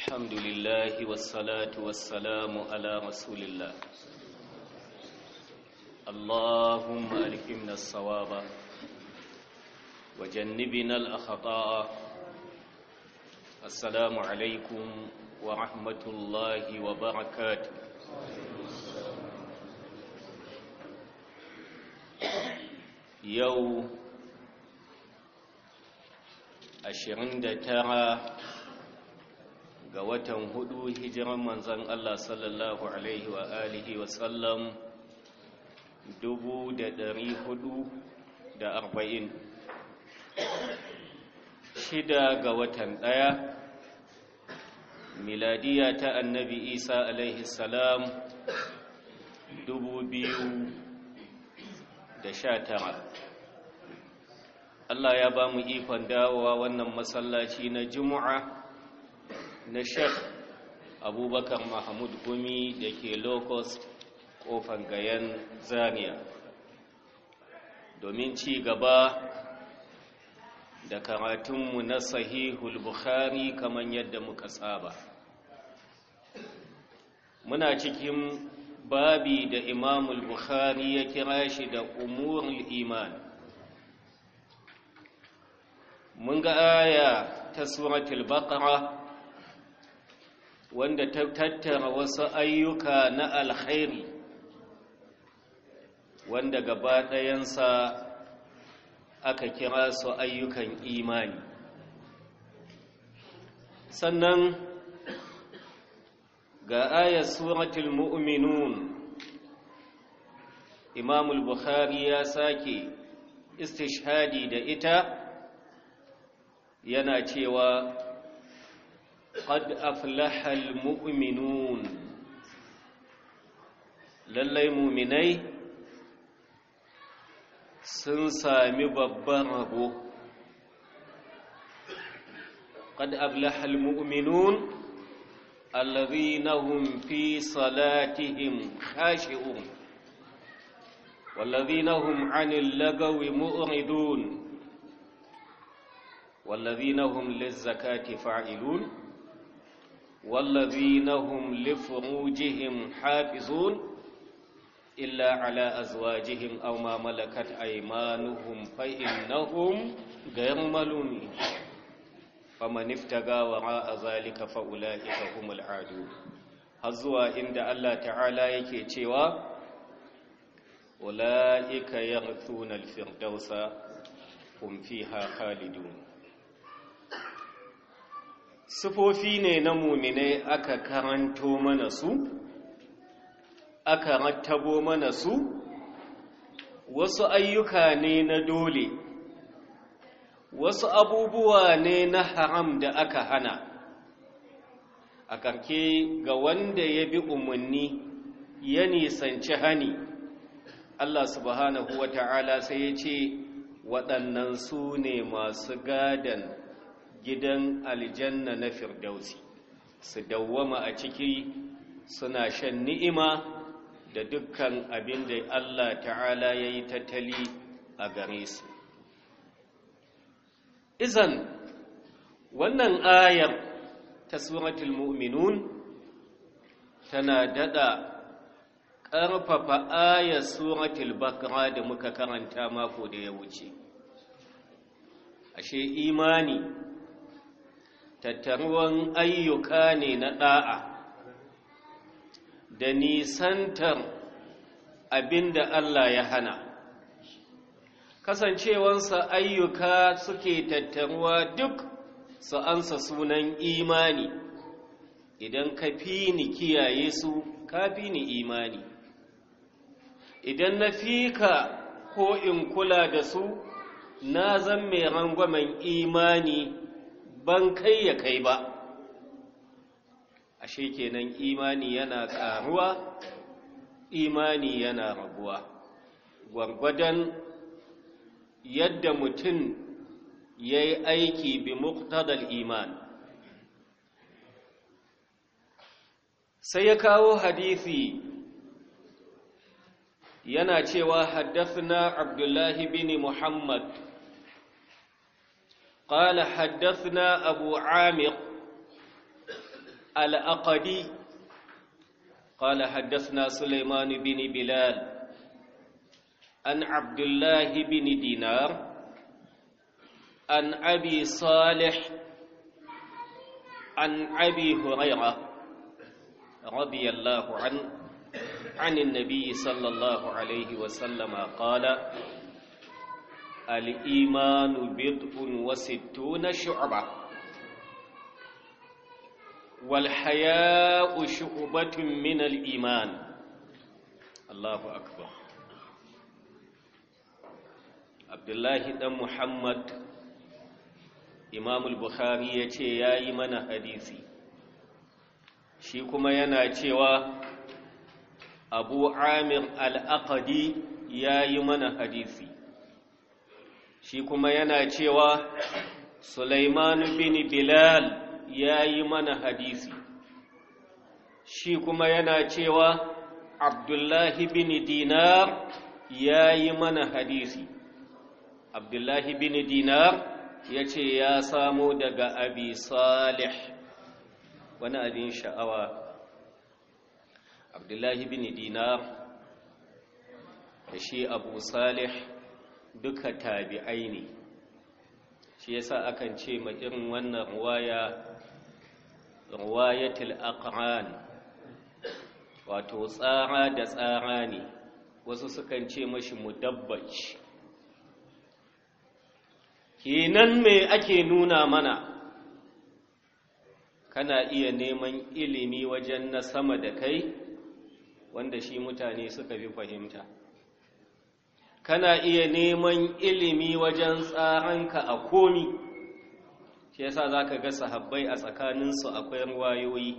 الحمد لله والصلاة والسلام على رسول الله اللهم ألهمنا الصواب وجنبنا الأخطاء السلام عليكم ورحمة الله وبركاته يوم ترى ga watan hudu hijiran manzan Allah sallallahu alaihi wa alihi wa sallam dubu da ɗari hudu da arba'in shida ga watan ɗaya miladiya ta annabi isa alaihi salam dubu biyu da sha tara Allah ya ba mu ikon dawowa wannan masallaci na juma'a na sheikh abubakar mahmud gumi da ke locust kofan gayan zaria domin ci gaba da karatunmu na sahihul bukhari kamar yadda muka tsaba, muna cikin babi da imamul bukhari ya kira shi da umurul iman mun ga aya ta suratul baqara wanda ta tattara wasu ayyuka na alkhairi wanda gaba ɗayansa aka kira su ayyukan imani sannan ga ayar suratul mu'minun al bukhari ya sake istishhadi da ita yana cewa قد أفلح المؤمنون للي مؤمني sun sami قد أفلح المؤمنون الذين هم في صلاتهم خاشعون والذين هم عن اللغو مؤردون والذين هم للزكاة فاعلون والذين هم لفروجهم حافظون إلا على أزواجهم أو ما ملكت أيمانهم فإنهم غير ملومين فمن افتقى وراء ذلك فأولئك هم العادون هزوا عند الله تعالى يكي تشوى أولئك يغثون الفردوس هم فيها خالدون sufofi ne na muminai aka karanto mana su aka rattabo mana su wasu ayyuka ne na dole wasu abubuwa ne na haram da aka hana a karke ga wanda ya bi umarni ya nisanci hani Allah subhanahu wa sai ya ce waɗannan su ne masu gadan gidan aljanna na firdausi su dawwama a ciki suna shan ni'ima da dukkan abin da Allah ta'ala ya yi tattali a gare su izan wannan ayar ta suratul mu'minun tana dada ƙarfafa ayar suratul bakra da muka karanta mako da ya wuce ashe imani tattaruwan ayyuka ne na ɗa'a da nisantar abinda Allah ya hana kasancewansa ayyuka suke tattaruwa duk su ansa sunan imani idan ka fi ni kiyaye su ka fi ni imani idan na fi ka ko in kula da su na zan mai rangwamen imani ban kai ya kai ba ashe kenan imani yana ƙaruwa, imani yana rabuwa. gwargwadon yadda mutum ya yi aiki bi muktadal iman sai ya kawo hadisi. yana cewa na abdullahi bin muhammad قال حدثنا أبو عامر الأقدي قال حدثنا سليمان بن بلال عن عبد الله بن دينار عن أبي صالح عن أبي هريرة رضي الله عنه عن النبي صلى الله عليه وسلم قال al'imanu bid'un wasittu na shu'aba walhaya'u shu'batun min al'iman Allahu Abdullahi dan Muhammad Imam al-Bukhari yace yayi mana hadisi shi kuma yana cewa Abu Amir al-Aqdi yayi mana hadisi shi kuma yana cewa Sulaiman bin Bilal ya yi mana hadisi shi kuma yana cewa Abdullahi bin Dinar ya yi mana hadisi Abdullahi bin Dinar ya ce ya samo daga Abi Salih wani abin sha'awa Abdullahi bin Dinar da shi Abu Salih duka tabi'ai ne shi yasa akan ce ma irin wannan ruwaya ruwayatul aqran wato tsara da tsara ne wasu sukan ce mashi mudabbaj kenan me ake nuna mana kana iya neman ilimi wajen na sama da kai wanda shi mutane suka fi fahimta kana iya neman ilimi wajen tsaranka a komi shi yasa za ka ga sahabbai a tsakaninsu akwai ruwayoyi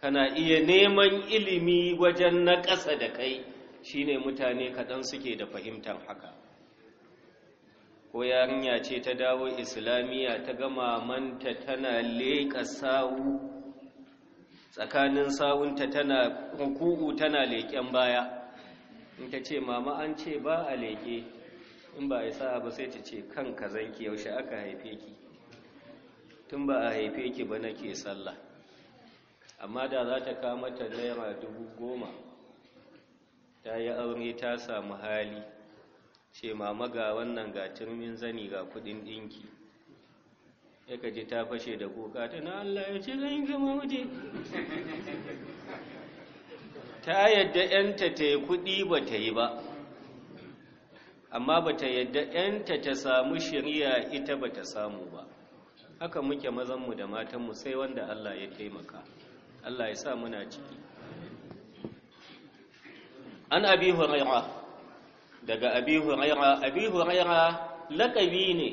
kana iya neman ilimi wajen na ƙasa da kai shine mutane kaɗan suke da fahimtar haka ko yarinya ce ta dawo islamiyya ta gama manta tana leƙa sawu tsakanin sawunta tana ruku'u tana leƙen baya in ta ce mama an ce ba a leke in ba a isa ba sai ta ce kan ka zanki yaushe aka haife ki tun ba a haife ki ba na ke sallah amma da za ta kama ta naira dubu goma ta yi aure ta samu hali ce mama ga wannan ga turmin zani ga kudin dinki ya kaji ta fashe da kuka na Allah ya ce zan gama waje ta yadda ‘yanta ta yi kuɗi ba ta yi ba amma ba ta yadda ‘yanta ta samu shirya ita ba ta samu ba haka muke mazanmu da matanmu sai wanda Allah ya taimaka Allah ya sa muna ciki an abi huraira daga abi huraira abi huraira laƙabi ne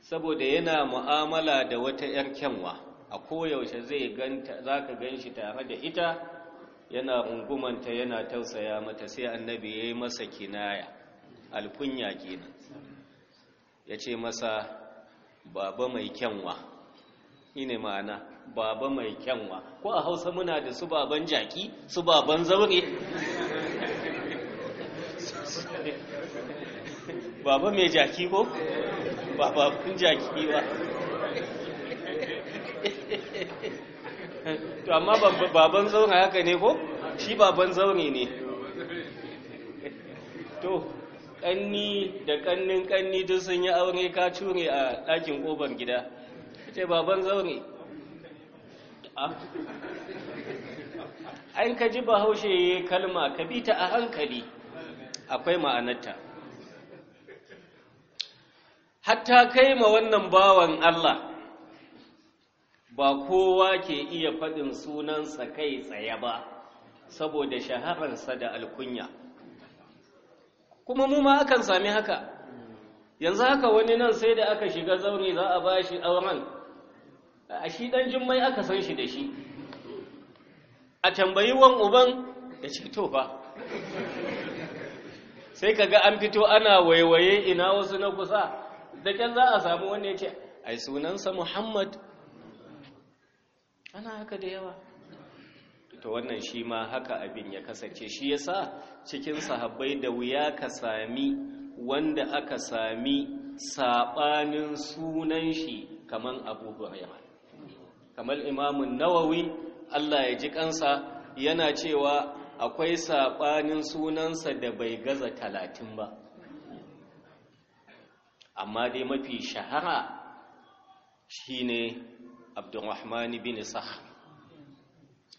saboda yana mu'amala da wata ‘yar kyanwa a koyaushe zai ganta za ka gan shi tare da ita yana ungumanta, yana tausaya mata sai annabi ya yi masa kinaya alkunya kenan ya ce masa baba mai kyanwa ine ma'ana baba mai kyanwa ko a hausa muna da su baban jaki su baban zaure baba mai jaki ko ba baban jaki ba to amma baban zaune haka ne ko shi baban zaune ne to ƙanni da ƙannin ƙanni duk sun yi aure ka cure a ɗakin ƙofar gida ce baban zaune an ka ji bahaushe kalma ka bi ta a hankali akwai ma'anarta hatta kai ma wannan bawan Allah ba kowa ke iya faɗin sunansa kai tsaye ba saboda shahararsa da alkunya kuma mu ma akan sami haka yanzu haka wani nan sai da aka shiga zaune za a ba shi auren a shi ɗan Jummai aka san shi da shi a tambayi wan uban da ce to sai kaga an fito ana waiwaye ina wasu na kusa da kyan za a samu wani ya ce ai sunansa muhammad ana haka da yawa to wannan shi ma haka abin ya kasance shi ya sa cikin sahabbai da wuya ka sami wanda aka sami saɓanin sunan shi kamar Abu Hurairah kamar imamun Nawawi Allah ya ji kansa yana cewa akwai saɓanin sunansa da bai gaza talatin ba amma dai mafi shahara shine abdurrahman bin sah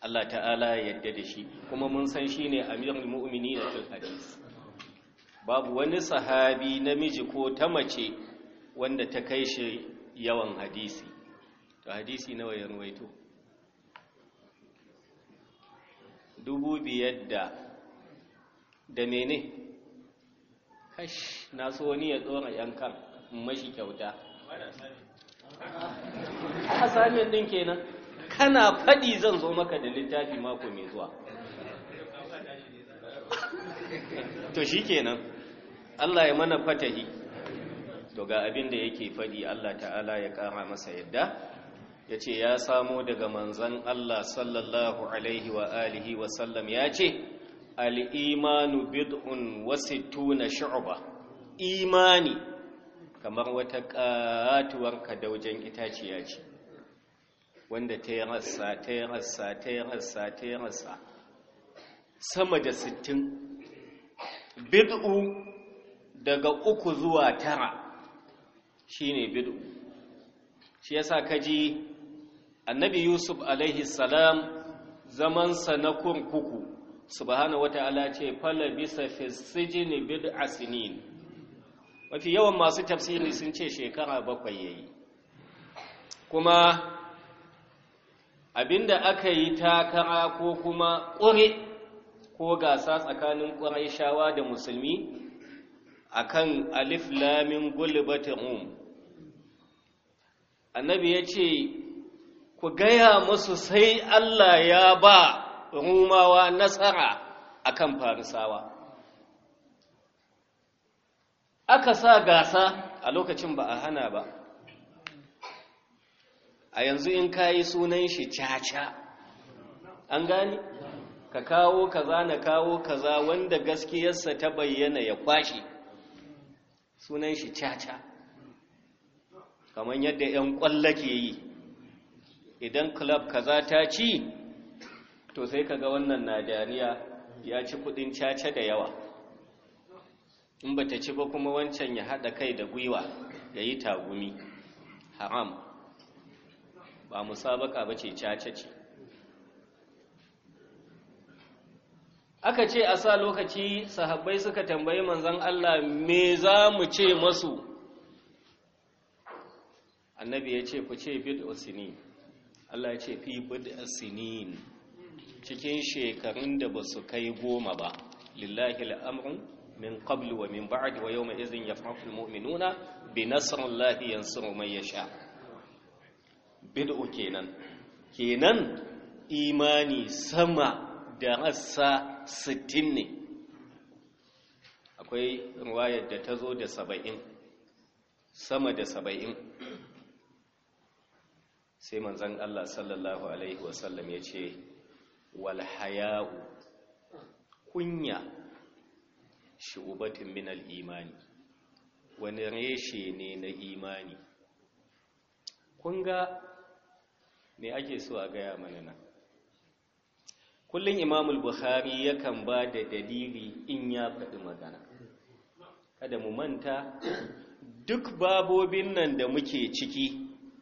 Allah ta'ala ya yadda da shi kuma mun san shi ne amirul mu'mini na fil hadis babu wani sahabi namiji ko ta mace wanda ta kai shi yawan hadisi to hadisi nawa ya ruwaito dubu biyar da da mene kash na so wani ya tsora yankan mashi kyauta a assignment din kenan kana faɗi zan zo maka da littafi mako mai zuwa to shi kenan Allah ya mana fatahi to ga abin da yake faɗi Allah ta'ala ya ƙara masa yadda ya ce ya samo daga manzan Allah sallallahu alaihi wa alihi wa ya ce al'imanu bid'un wasu tuna sha'uba imani kamar wata katuwar kadaujen itaciya ce wanda ta yi rassa ta yi rassa ta yi rassa ta yi rassa sama da sittin bid'u daga uku zuwa tara shi ne bid'u shi yasa kaji annabi yusuf alaihi salam zamansa na kurkuku subhanahu wataala ce fala bisa fi sijini bid'a sinin mafi yawan masu tafsiri sun ce shekara bakwai yayi kuma abinda aka yi takara ko kuma ƙure ko gasa tsakanin ƙurai shawa da musulmi akan alif lamin gulbatin rum annabi ya ce ku gaya musu sai Allah ya ba rumawa nasara akan farisawa aka sa gasa a lokacin ba a hana ba a yanzu in kayi sunan shi caca an gani ka kawo kaza na kawo kaza wanda gaskiyarsa ta bayyana ya kwashe sunan shi caca kamar yadda 'yan kwallo ke yi idan club kaza ta ci to sai kaga wannan na ya ci kudin caca da yawa in ba ta ci ba kuma wancan ya haɗa kai da gwiwa ya yi tagumi haram ba mu musabaka ba ce caca ce aka ce a sa lokaci sahabbai suka tambayi manzan Allah me za mu ce masu annabi ya ce ku ce bid Allah ya ce fi bid cikin shekarun da ba su kai goma ba lillahi al'amurin min qabl wa min ba'd wa yawma idhin yafrahu almu'minuna bi nasrillahi yansuru man yasha bid'u kenan kenan imani sama da rassa 60 ne akwai ruwayar da ta zo da 70 sama da 70 sai manzon Allah sallallahu alaihi wasallam ya ce wal haya'u kunya shubatin min al-imani wani reshe ne na imani kun ga me ake so a gaya mana nan kullum imamul buhari yakan ba da dalili in ya faɗi magana kada mu manta duk babobin nan da muke ciki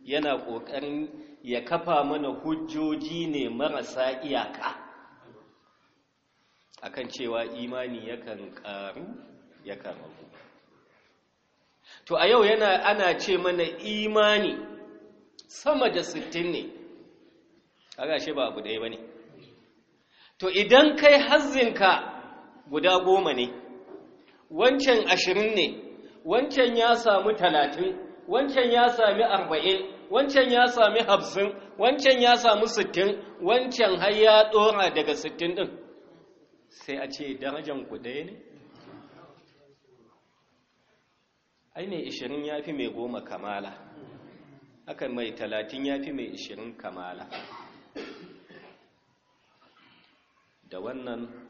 yana ƙoƙarin ya kafa mana hujjoji ne marasa iyaka akan cewa imani yakan ƙaru yakan ragu to a yau yana ana ce mana imani sama da sittin ne kaga shi ba abu ɗaya bane to idan kai hazzinka guda goma ne wancan ashirin ne wancan ya sami talatin wancan ya sami arba'in wancan ya sami hamsin wancan ya sami sittin wancan har ya ɗora daga sittin ɗin sai a ce darajan ku ɗaya ne ai mai ishirin ya fi mai goma kamala haka mai talatin ya fi mai ishirin kamala da wannan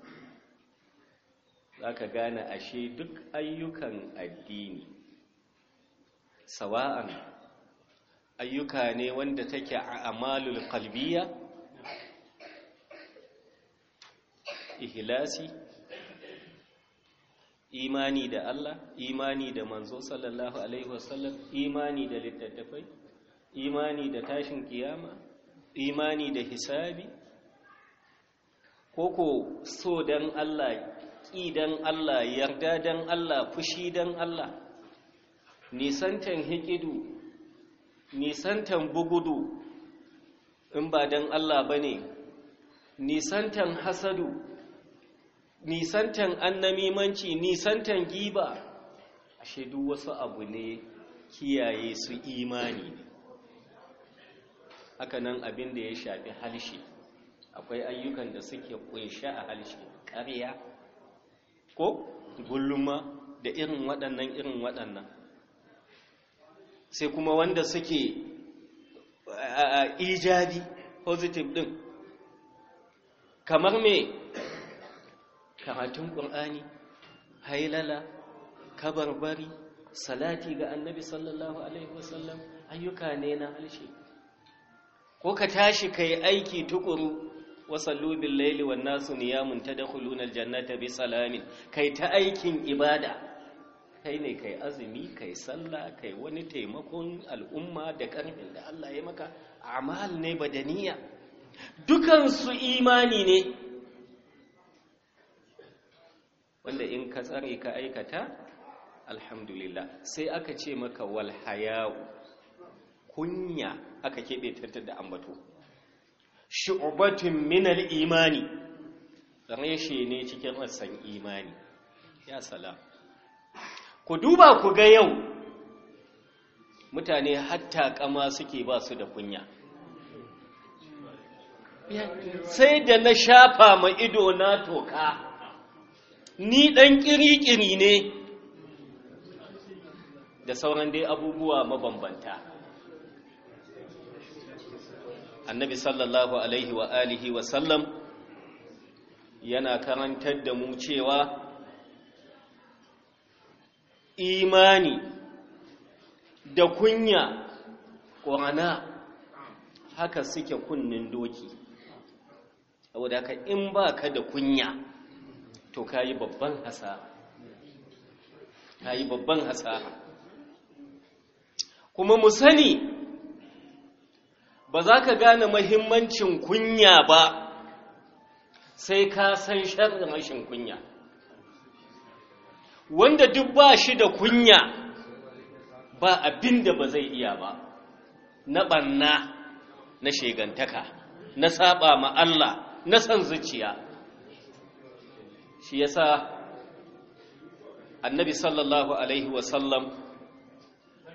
za ka gane ashe duk ayyukan addini sawa'an ayyuka ne wanda take a amalul kalbiya ihlasi imani da Allah imani da manzo sallallahu alaihi wasallam imani da littattafai imani da tashin kiyama imani da hisabi koko so dan Allah ƙi dan Allah yarda dan Allah fushi dan Allah nisantan hikidu nisantan bugudu in ba dan Allah bane nisantan hasadu nisantan annamimanci nisantan giba ashe duk wasu abu ne kiyaye su imani ne haka nan abin da ya shafi halshe akwai ayyukan da suke kunshe a halshe ƙarya ko gulluma da irin waɗannan irin waɗannan sai kuma wanda suke ijabi positive ɗin kamar mai. karatun ƙur'ani hailala kabarbari salati ga annabi sallallahu alaihi wasallam ayyuka ne na halshe ko ka tashi ka aiki tukuru wasallu bil laili wan nasu niyamun tadkhuluna jannata bi salamin kai ta aikin ibada kai ne kai azumi kai sallah kai wani taimakon al'umma da karfin da Allah ya maka a'mal ne badaniya dukan su imani ne wanda in ka tsare ka aikata alhamdulillah sai aka ce maka wal haya'u kunya aka keɓe tattar da ambato shu'batun min imani reshe ne cikin rassan imani ya salam ku duba ku ga yau mutane hatta kama suke ba su da kunya sai da na shafa ma ido na toka ni ɗan ƙiriƙiri ne da sauran dai abubuwa mabambanta annabi sallallahu alaihi wa alihi wa sallam yana karantar da mu cewa imani da kunya ƙwana haka suke kunnen doki saboda haka in ba ka da kunya to ka yi babban hasara ka yi babban hasara kuma mu sani ba za ka gane mahimmancin kunya ba sai ka san sharrin rashin kunya wanda duk ba shi da kunya ba abin da ba zai iya ba na ɓanna na shegantaka na saba ma Allah na san zuciya shi yasa annabi sallallahu alaihi wasallam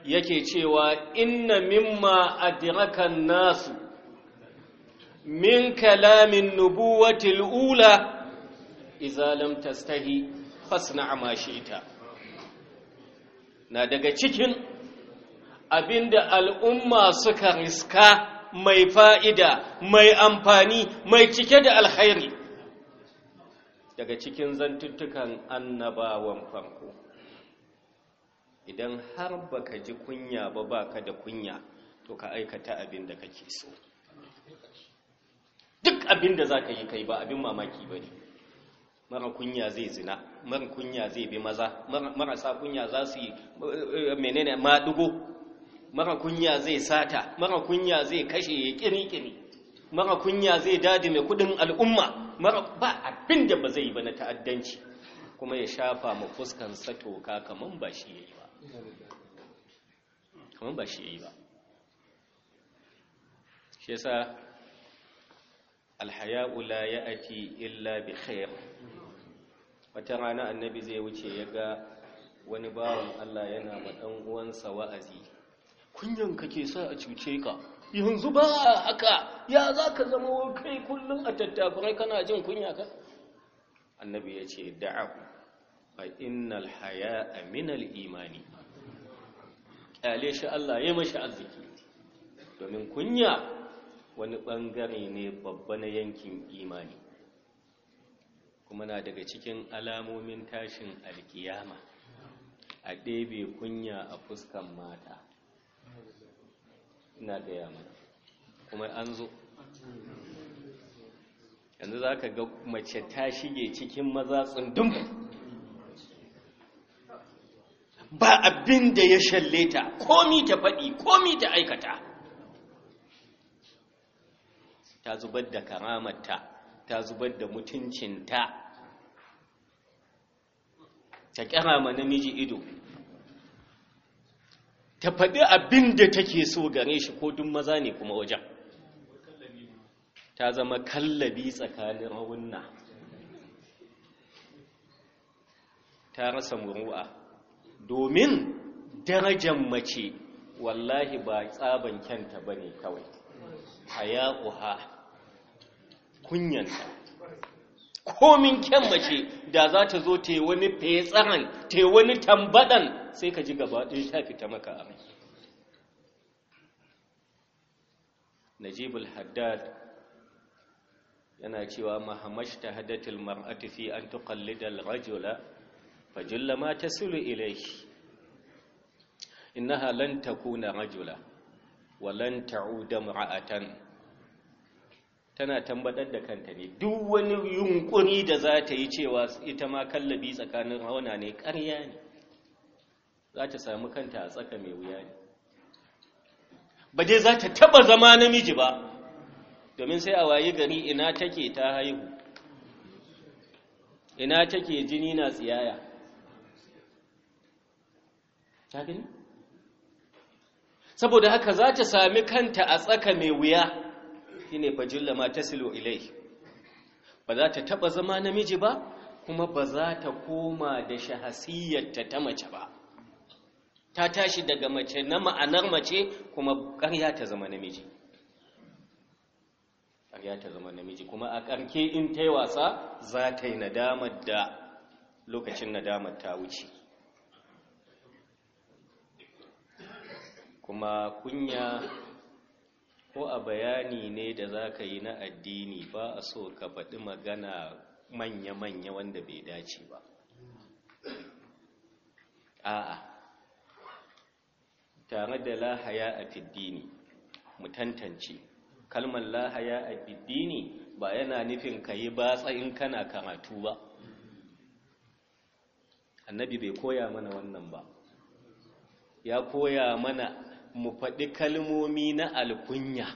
yake cewa inna mimma adrakan nasu min kalamin nubuwatil ula idza lam tastahi fasna ma na daga cikin abinda al'umma suka riska mai fa'ida mai amfani mai cike da alkhairi daga cikin zantuttukan annabawan farko idan har baka ji kunya ba baka da kunya to ka aikata abin da kake so duk abin da zaka yi kai ba abin mamaki bane mara kunya zai zina mara kunya zai bi maza marasa kunya za su yi eh, eh, menene madugo mara kunya zai sata mara kunya zai kashe ya kiri-kiri mara kunya zai dadi mai kudin al'umma mara ba abin da ba zai yi ba na ta'addanci kuma ya shafa ma fuskan toka kaman ba shi yayi ba kaman ba shi yayi ba shi yasa alhaya'u la ya'ti illa bi khair wata rana annabi zai wuce ya ga wani bawan Allah yana ma dan uwansa wa'azi kunyan kake sa a cuce ka yanzu ba haka ya zaka zama kai kullum a tattafurai kana jin kunya ka annabi ya ce da'ahu fa innal haya'a minal imani kyale shi Allah ya mashi arziki domin kunya wani bangare ne babba na yankin imani kuma na daga cikin alamomin tashin alkiyama a ɗebe kunya a fuskan mata ina gaya mana kuma an zo yanzu za ka ga mace ta shige cikin maza tsundum ba abin da ya shalle ta komi ta faɗi komi ta aikata ta zubar da karamarta ta zubar da mutuncinta ta kyara ma namiji ido ta faɗi abin da take so gare shi ko dun maza ne kuma wajen ta zama kallabi tsakanin rawunna ta rasa muru'a domin darajar mace wallahi ba tsaban kyanta ba ne kawai ƙuha kunyanta komin kyan mace da za ta zo ta yi wani fetsaran ta yi wani tambadan sai ka ji gaba gabaɗin ta fita maka a mai najibul haddad yana cewa ta hadatul mar'atu fi an tuqallida al-rajula fajulla ma tasulu ilayhi innaha lan takuna rajula wa lan ta'uda mar'atan tana tambadar da kanta ne duk wani yunkuri da za ta yi cewa ita ma kallabi tsakanin rauna ne ƙarya ne za ta samu kanta a tsaka mai wuya ne ba dai za ta taba zama namiji ba domin sai a wayi gari ina take ta haihu ina take jini na tsiyaya saboda haka za ta sami kanta a tsaka mai wuya shine fajilla ma tasilu ilai ba za ta taba zama namiji ba kuma ba za ta koma da shahasiyyarta ta mace ba ta tashi daga mace na ma'anar mace kuma ƙarya ta zama namiji ƙarya ta zama namiji kuma a ƙarke in ta yi wasa za ta yi nadamar da lokacin nadamar ta wuce kuma kunya ko a bayani ne da za ka yi na addini ba a so ka faɗi magana manya-manya wanda bai dace ba a'a tare da lahaya a fiddini mu tantance kalmar lahaya a biddini ba yana nufin ka yi batsa in kana karatu ba annabi bai koya mana wannan ba ya koya mana mu faɗi kalmomi na alkunya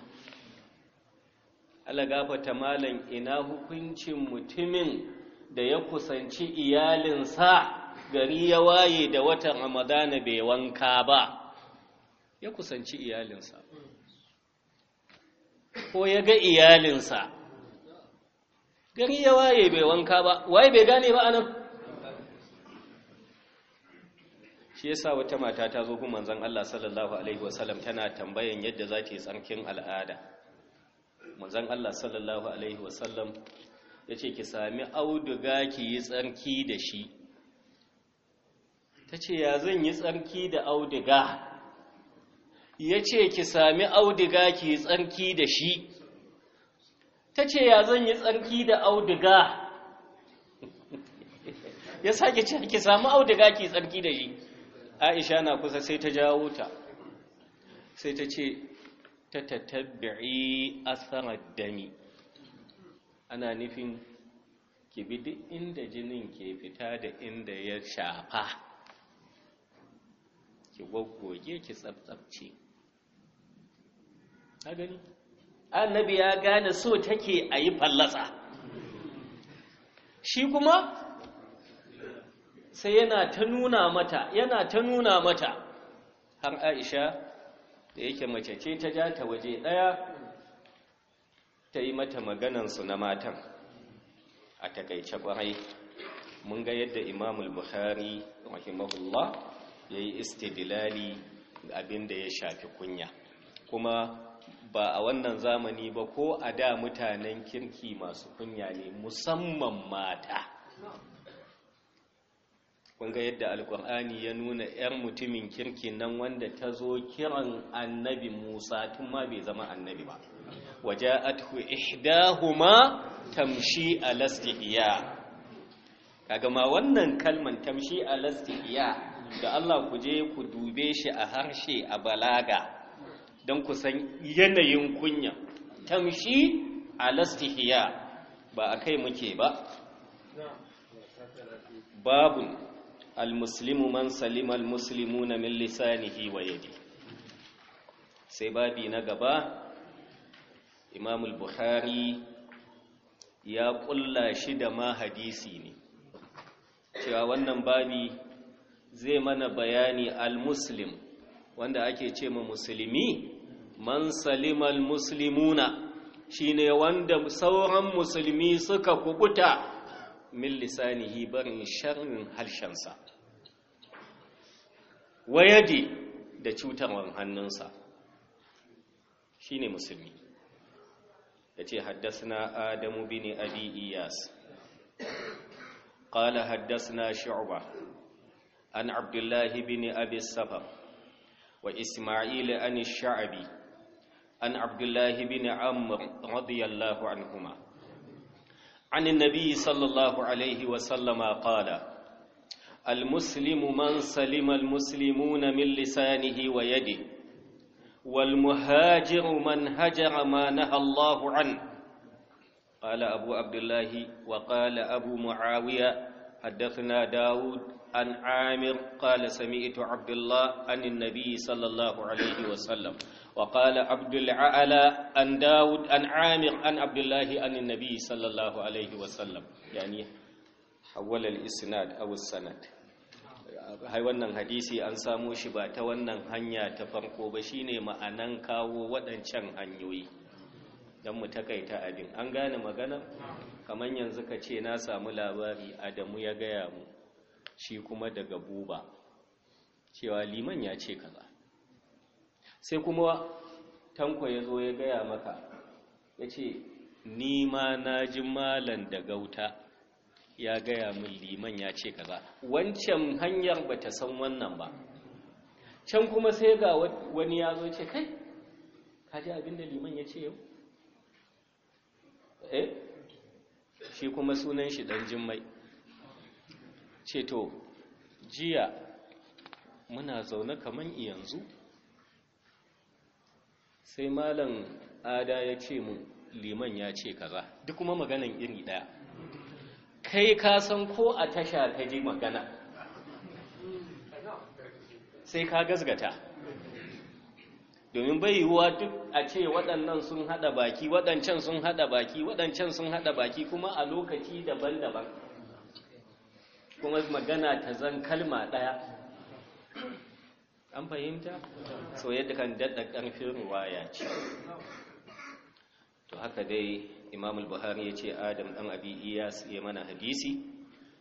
alagafata malam ina hukuncin mutumin da ya kusanci iyalinsa gari ya waye da watan ramadana bai wanka ba ya kusanci iyalinsa ko ya ga iyalinsa gari ya waye bai wanka ba waye bai gane ba anan shi yasa wata mata ta zo kuma manzon Allah sallallahu alaihi wasallam tana tambayan yadda za ta yi tsarkin al'ada manzon Allah sallallahu alaihi wasallam yace ki sami auduga ki yi tsarki da shi tace ya zan yi tsarki da auduga ya ce ki sami auduga ki tsarki da shi ta ce ya zan yi tsarki da auduga ya sake ce ki sami auduga ki tsarki da shi aisha na kusa sai ta jawo ta sai ta ce ta tattabi'i asarar dami ana nufin ki bi duk inda jinin ke fita da inda ya shafa ki goggoge ki tsabtsabce annabi ya gane so take a yi fallasa shi kuma sai yana ta nuna mata yana ta nuna mata har aisha da yake mace ce ta ja ta waje ɗaya ta yi mata maganansu na matan a takaice kwarai mun ga yadda imamul buhari rahimahullah ya yi istidilali abin da ya shafi kunya kuma ba a wannan zamani ba ko a da mutanen kirki masu kunya ne musamman mata kunga yadda alkur'ani ya nuna 'yar mutumin kirki nan wanda ta zo kiran annabi musa tun ma bai zama annabi ba waje atku ihdahuma tamshi alastihiya kaga ma wannan kalman tamshi alastihiya da allah ku je ku dube shi a harshe a balaga don ku san yanayin kunya tamshi alastihiya ba a kai muke ba babun almuslimu man salima na min lisanihi wa yadi sai babi na gaba imam bukhari ya kulla shi da ma hadisi ne cewa wannan babi zai mana bayani almuslim wanda ake ce ma musulmi man salimal muslimuna shine wanda sauran musulmi suka kubuta min lisanihi barin sharrin harshensa wayadi da cutarwar hannunsa shine musulmi yace haddathna adamu bin abi iyas qala na shu'ba an Abdullahi bin abi safar wa isma'il an ash عن عبد الله بن عمرو رضي الله عنهما عن النبي صلى الله عليه وسلم قال المسلم من سلم المسلمون من لسانه ويده والمهاجر من هجر ما نهى الله عنه قال أبو عبد الله وقال أبو معاوية حدثنا داود عن عامر قال سمعت عبد الله عن النبي صلى الله عليه وسلم وقال عبد العالى عن داود عن عامر عن عبد الله عن النبي صلى الله عليه وسلم يعني حول الإسناد أو السند hai wannan hadisi an samo shi ba ta wannan hanya ta farko ba shine ma'anan kawo waɗancan hanyoyi don mu takaita abin an gane magana kamar yanzu ka ce na samu labari adamu ya gaya mu shi kuma daga buba cewa liman ya ce kaza sai kuma tanko ya zo ya gaya maka ya ce ni ma na ji malan da gauta ya gaya mun liman ya ce kaza wancan hanyar ba ta san wannan ba can kuma sai ga wani ya zo ce kai ka ji abin liman ya ce yau eh shi kuma sunan shi dan jimmai ce to jiya muna zaune kaman yanzu sai malam ada ya ce mu liman ya ce kaza duk kuma maganan iri daya kai ka san ko a tasha ka ji magana sai ka gazgata domin bai yiwuwa duk a ce waɗannan sun haɗa baki waɗancan sun haɗa baki waɗancan sun haɗa baki kuma a lokaci daban-daban kuma magana ta zan kalma ɗaya an fahimta so yadda kan daɗa ƙarfin ruwaya ce to haka dai imam al buhari ya ce adam ɗan abi iyas ya mana hadisi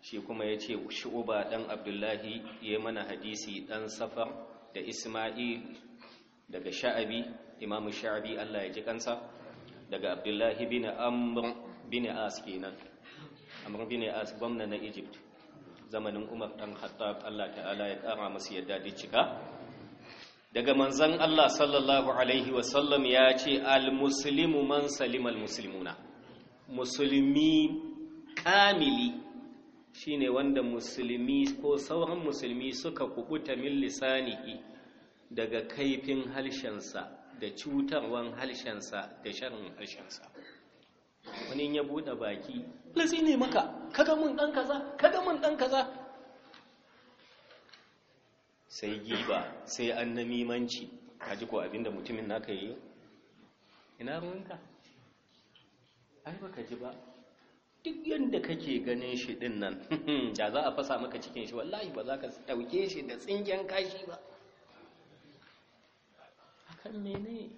shi kuma ya ce shu'uba dan abdullahi ya mana hadisi ɗan safar da isma'il daga sha'abi imam sha'abi allah ya ji kansa daga abdullahi bin amr bin as kenan amr bin as gwamna na egypt zamanin umar dan khattab allah ta'ala ya ƙara masu yadda da cika daga manzan Allah sallallahu alaihi wasallam ya ce al musulimu man salim al musulmuna musulmi kamili shi ne wanda musulmi ko sauran musulmi suka kubuta min lisanihi daga kaifin halshensa da cutarwan halshensa da sharin halshensa wani ya buɗe baki lasi ne maka kaga ɗan kaza kaga ɗan kaza sai giba sai an annamimanci a ko abinda mutumin naka yi ina ruwanka ai baka ji ba duk yadda kake ganin shi din nan da za a fasa maka cikin shi wallahi ba za ka dauke shi da tsingen kashi ba akan mene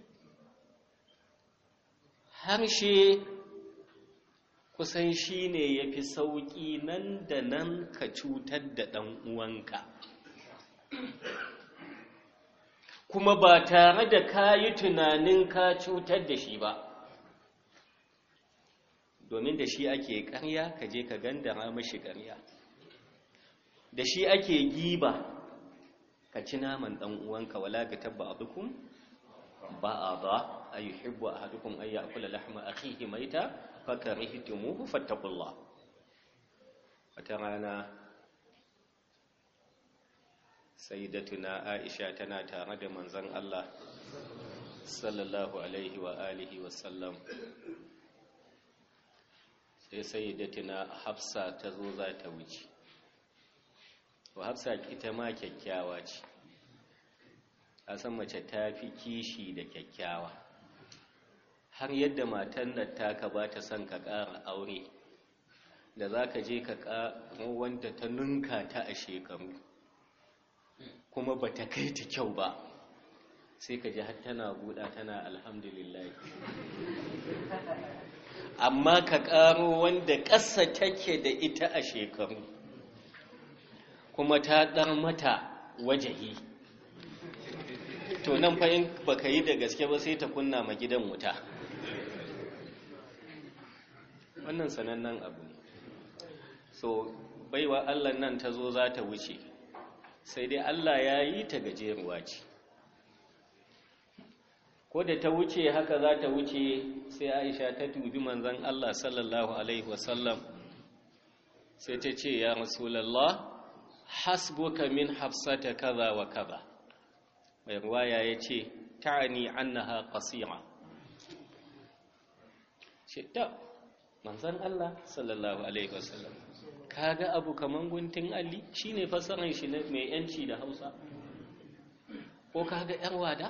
harshe kusan shi ne ya fi sauƙi nan da nan ka cutar da ɗan uwanka kuma ba tare da ka yi tunanin ka cutar da shi ba domin da shi ake karya ka je ka gandara mashi karya, da shi ake giba ka ci naman ɗan uwanka wala ga tabba abukun ba a ba a yi hibba a hadukun ayya a kula lahama a kihi maita fakari hitimuhu fattakullah wata rana sayyidatuna aisha tana tare da manzon Allah sallallahu alaihi wa alihi wa sallam sai sayyidatuna hafsa ta zo za ta wuce wa hafsa ita ma kyakkyawa ce a san mace ta fi kishi da kyakkyawa har yadda matan nan taka ba ta son ka ƙara aure da za ka je ka wanda ta ninka ta a shekaru kuma ba ta kai ta kyau ba sai ka ji har tana buɗa tana alhamdulillah amma ka ƙaro wanda ƙasa take da ita a shekaru kuma ta ɗar mata wajahi to nan fa in baka yi da gaske ba sai ta kunna ma gidan wuta wannan sanannen abu so baiwa allah nan ta zo za ta wuce sai dai Allah ya yi ta gajeruwa ce ko da ta wuce haka za ta wuce sai aisha ta tubi manzan Allah sallallahu alaihi wasallam sai ta ce ya rasulallah hasbuka min hafsata kaza wa kaza mai ruwaya ya ce ta'ani annaha qasira ce ta manzan Allah sallallahu alaihi wasallam kaga abu kaman guntun alli shine fassarar shi mai yanci da hausa ko kaga yar wada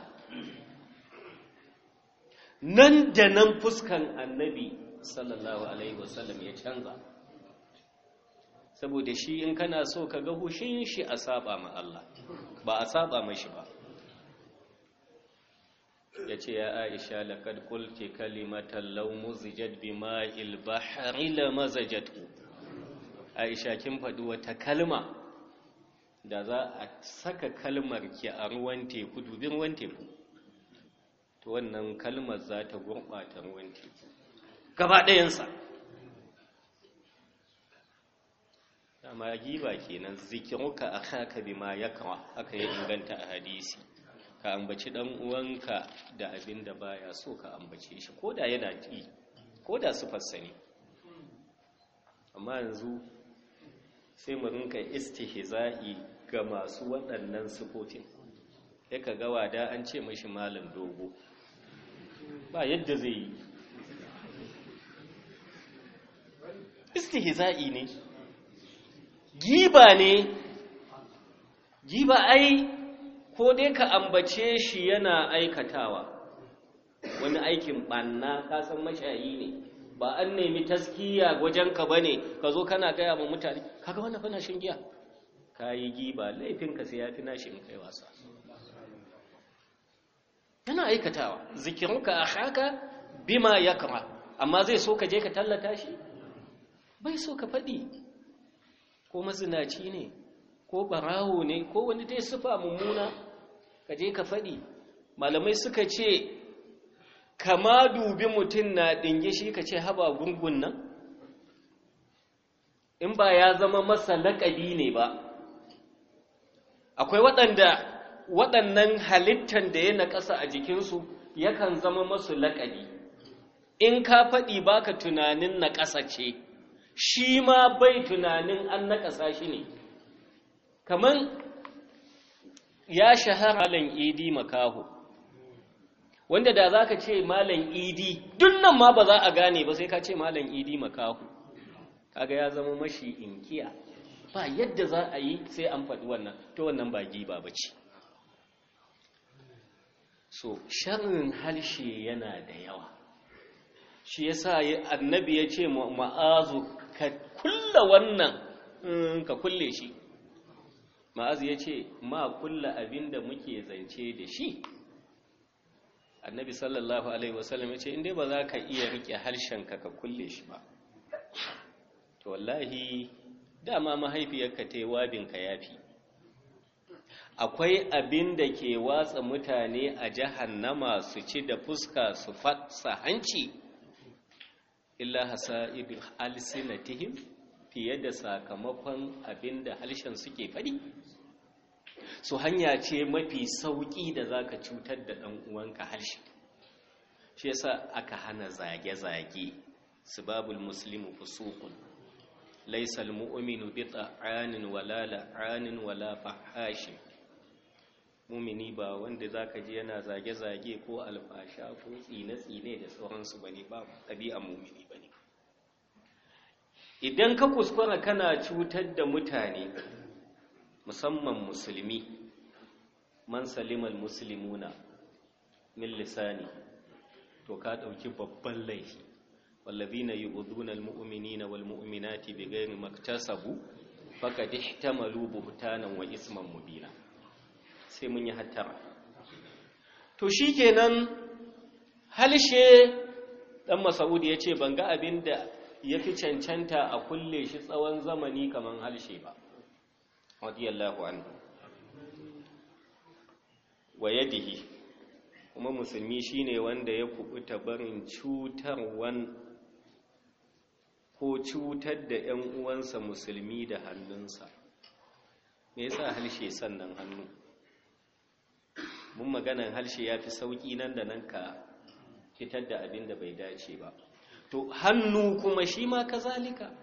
nan da nan fuskan annabi sallallahu alaihi wasallam ya canza saboda shi in kana so ka ga hushin shi a saba ma Allah ba a saba mashi ba ya ce ya aisha laƙad kulki kalimatan laumuzijat bi ma'il bahari la mazajatu aisha kin faɗi wata kalma da za a saka kalmar ki a ruwan teku dubin ruwan teku to wannan kalmar za ta gurɓata ruwan teku gaba ɗayansa dama giba kenan zikiruka ma bima kawa, haka ya inganta a hadisi ka ambaci ɗan uwanka da abin da baya so ka ambace shi koda yana ko koda su fassani amma yanzu sai mu rinka istihza'i ga masu waɗannan sifofin ya ka ga wada an ce mashi malam dogo ba yadda zai yi istihza'i ne giba ne giba ai ko dai ka ambace shi yana aikatawa wani aikin ɓanna kasan mashayi ne ba an nemi taskiya wajenka ba ne ka zo kana gaya ma mutane kaga wannan fana giya ka yi giba laifinka sai ya fi nashi in kai wasa yana aikatawa zikirinka a haka bima ya kama amma zai so ka je ka tallata shi bai so ka faɗi ko mazinaci ne ko barawo ne ko wani dai sufa mummuna ka je ka faɗi malamai suka ce kama dubi mutum na shi ka ce haba gungun nan in ba ya zama masa laƙabi ne ba akwai waɗanda waɗannan halittar da ya naƙasa a jikinsu yakan zama masu laƙabi in ka faɗi baka tunanin naƙasa ce shi ma bai tunanin an naƙasa shi ne kamar ya shahara halin idi makaho wanda da za ka ce malam idi duk nan ma ba za a gane ba sai ka ce malam idi makahu kaga ya zama mashi inkiya ba yadda za a yi sai an faɗi wannan to wannan ba giba ba ce so sharrin harshe yana da yawa shi yasa annabi ya ce ma'azu ka kulla wannan mm, ka kulle shi ma'azu ya ce ma kulla abinda muke zance da shi annabi sallallahu alaihi wasallam ya ce inda ba za ka iya riƙe harshenka ka kulle shi ba to wallahi dama mahaifiyarka ta yi wabinka ya fi akwai abin da ke watsa mutane a jahannama su ci da fuska su fatsa hanci illa hasa'idu alsinatihim fiye da sakamakon abin da harshen suke faɗi Su hanya ce mafi sauƙi da za ka cutar da ɗan uwanka harshe shi yasa aka hana zage-zage su sibabul musulmi fusukun laisal muminu bi ta'anin wala la'anin wala fahashi mumini ba wanda za ka ji yana zage-zage ko alfasha ko tsine-tsine da sauransu ba ne, ba ɗabi'a mumini ne. idan ka kuskura kana cutar da mutane musamman musulmi man salimal muslimuna min lisani to ka ɗauki babban laifi wallazina yu'dhuna almu'minina walmu'minati bighayri maktasabu faqad ihtamalu buhtanan wa isman mubina sai mun yi hattara to shikenan halshe dan Masaudi yace ban ga abinda yafi cancanta a kulle shi tsawon zamani kaman halshe ba radiyallahu anhu wa yadihi kuma musulmi shine wanda ya kubuta barin cutarwan ko cutar da 'yan uwansa musulmi da hannunsa me yasa halshe sannan hannu mun maganan halshe ya fi sauƙi nan da nan ka fitar da abin da bai dace ba to hannu kuma shi ma kazalika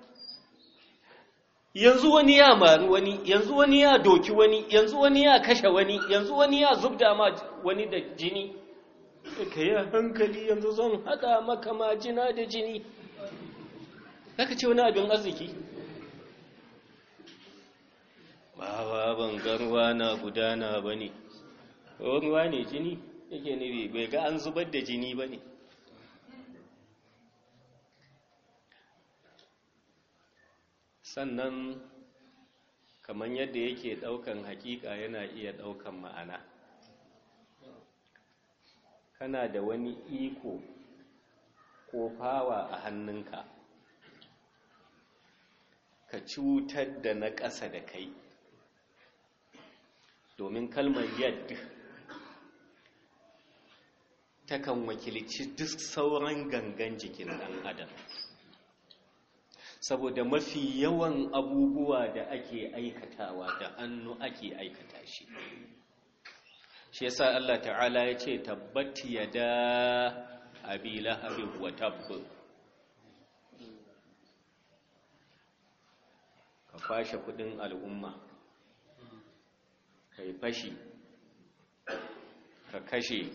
yanzu wani ya mari wani yanzu wani ya doki wani yanzu wani ya kashe wani yanzu wani ya zubda ma wani da jini ka yi hankali yanzu zan haɗa maka majina da jini ka ce wani abin arziki ba ban garwa na gudana ba ne ruwa ne jini yake ne bai ga an zubar da jini ba ne sannan kamar yadda yake ɗaukan haƙiƙa yana iya ɗaukan ma'ana kana da wani iko ko fawa a hannunka ka cutar da na ƙasa da kai domin kalmar yadda takan wakilci duk sauran gangan jikin ɗan adam saboda mafi yawan abubuwa da ake aikatawa da hannu ake aikata shi shi yasa Allah ta'ala ya ce tabbati yada abi lahabin wa tabb ka fashe kudin al'umma kai fashi ka kashe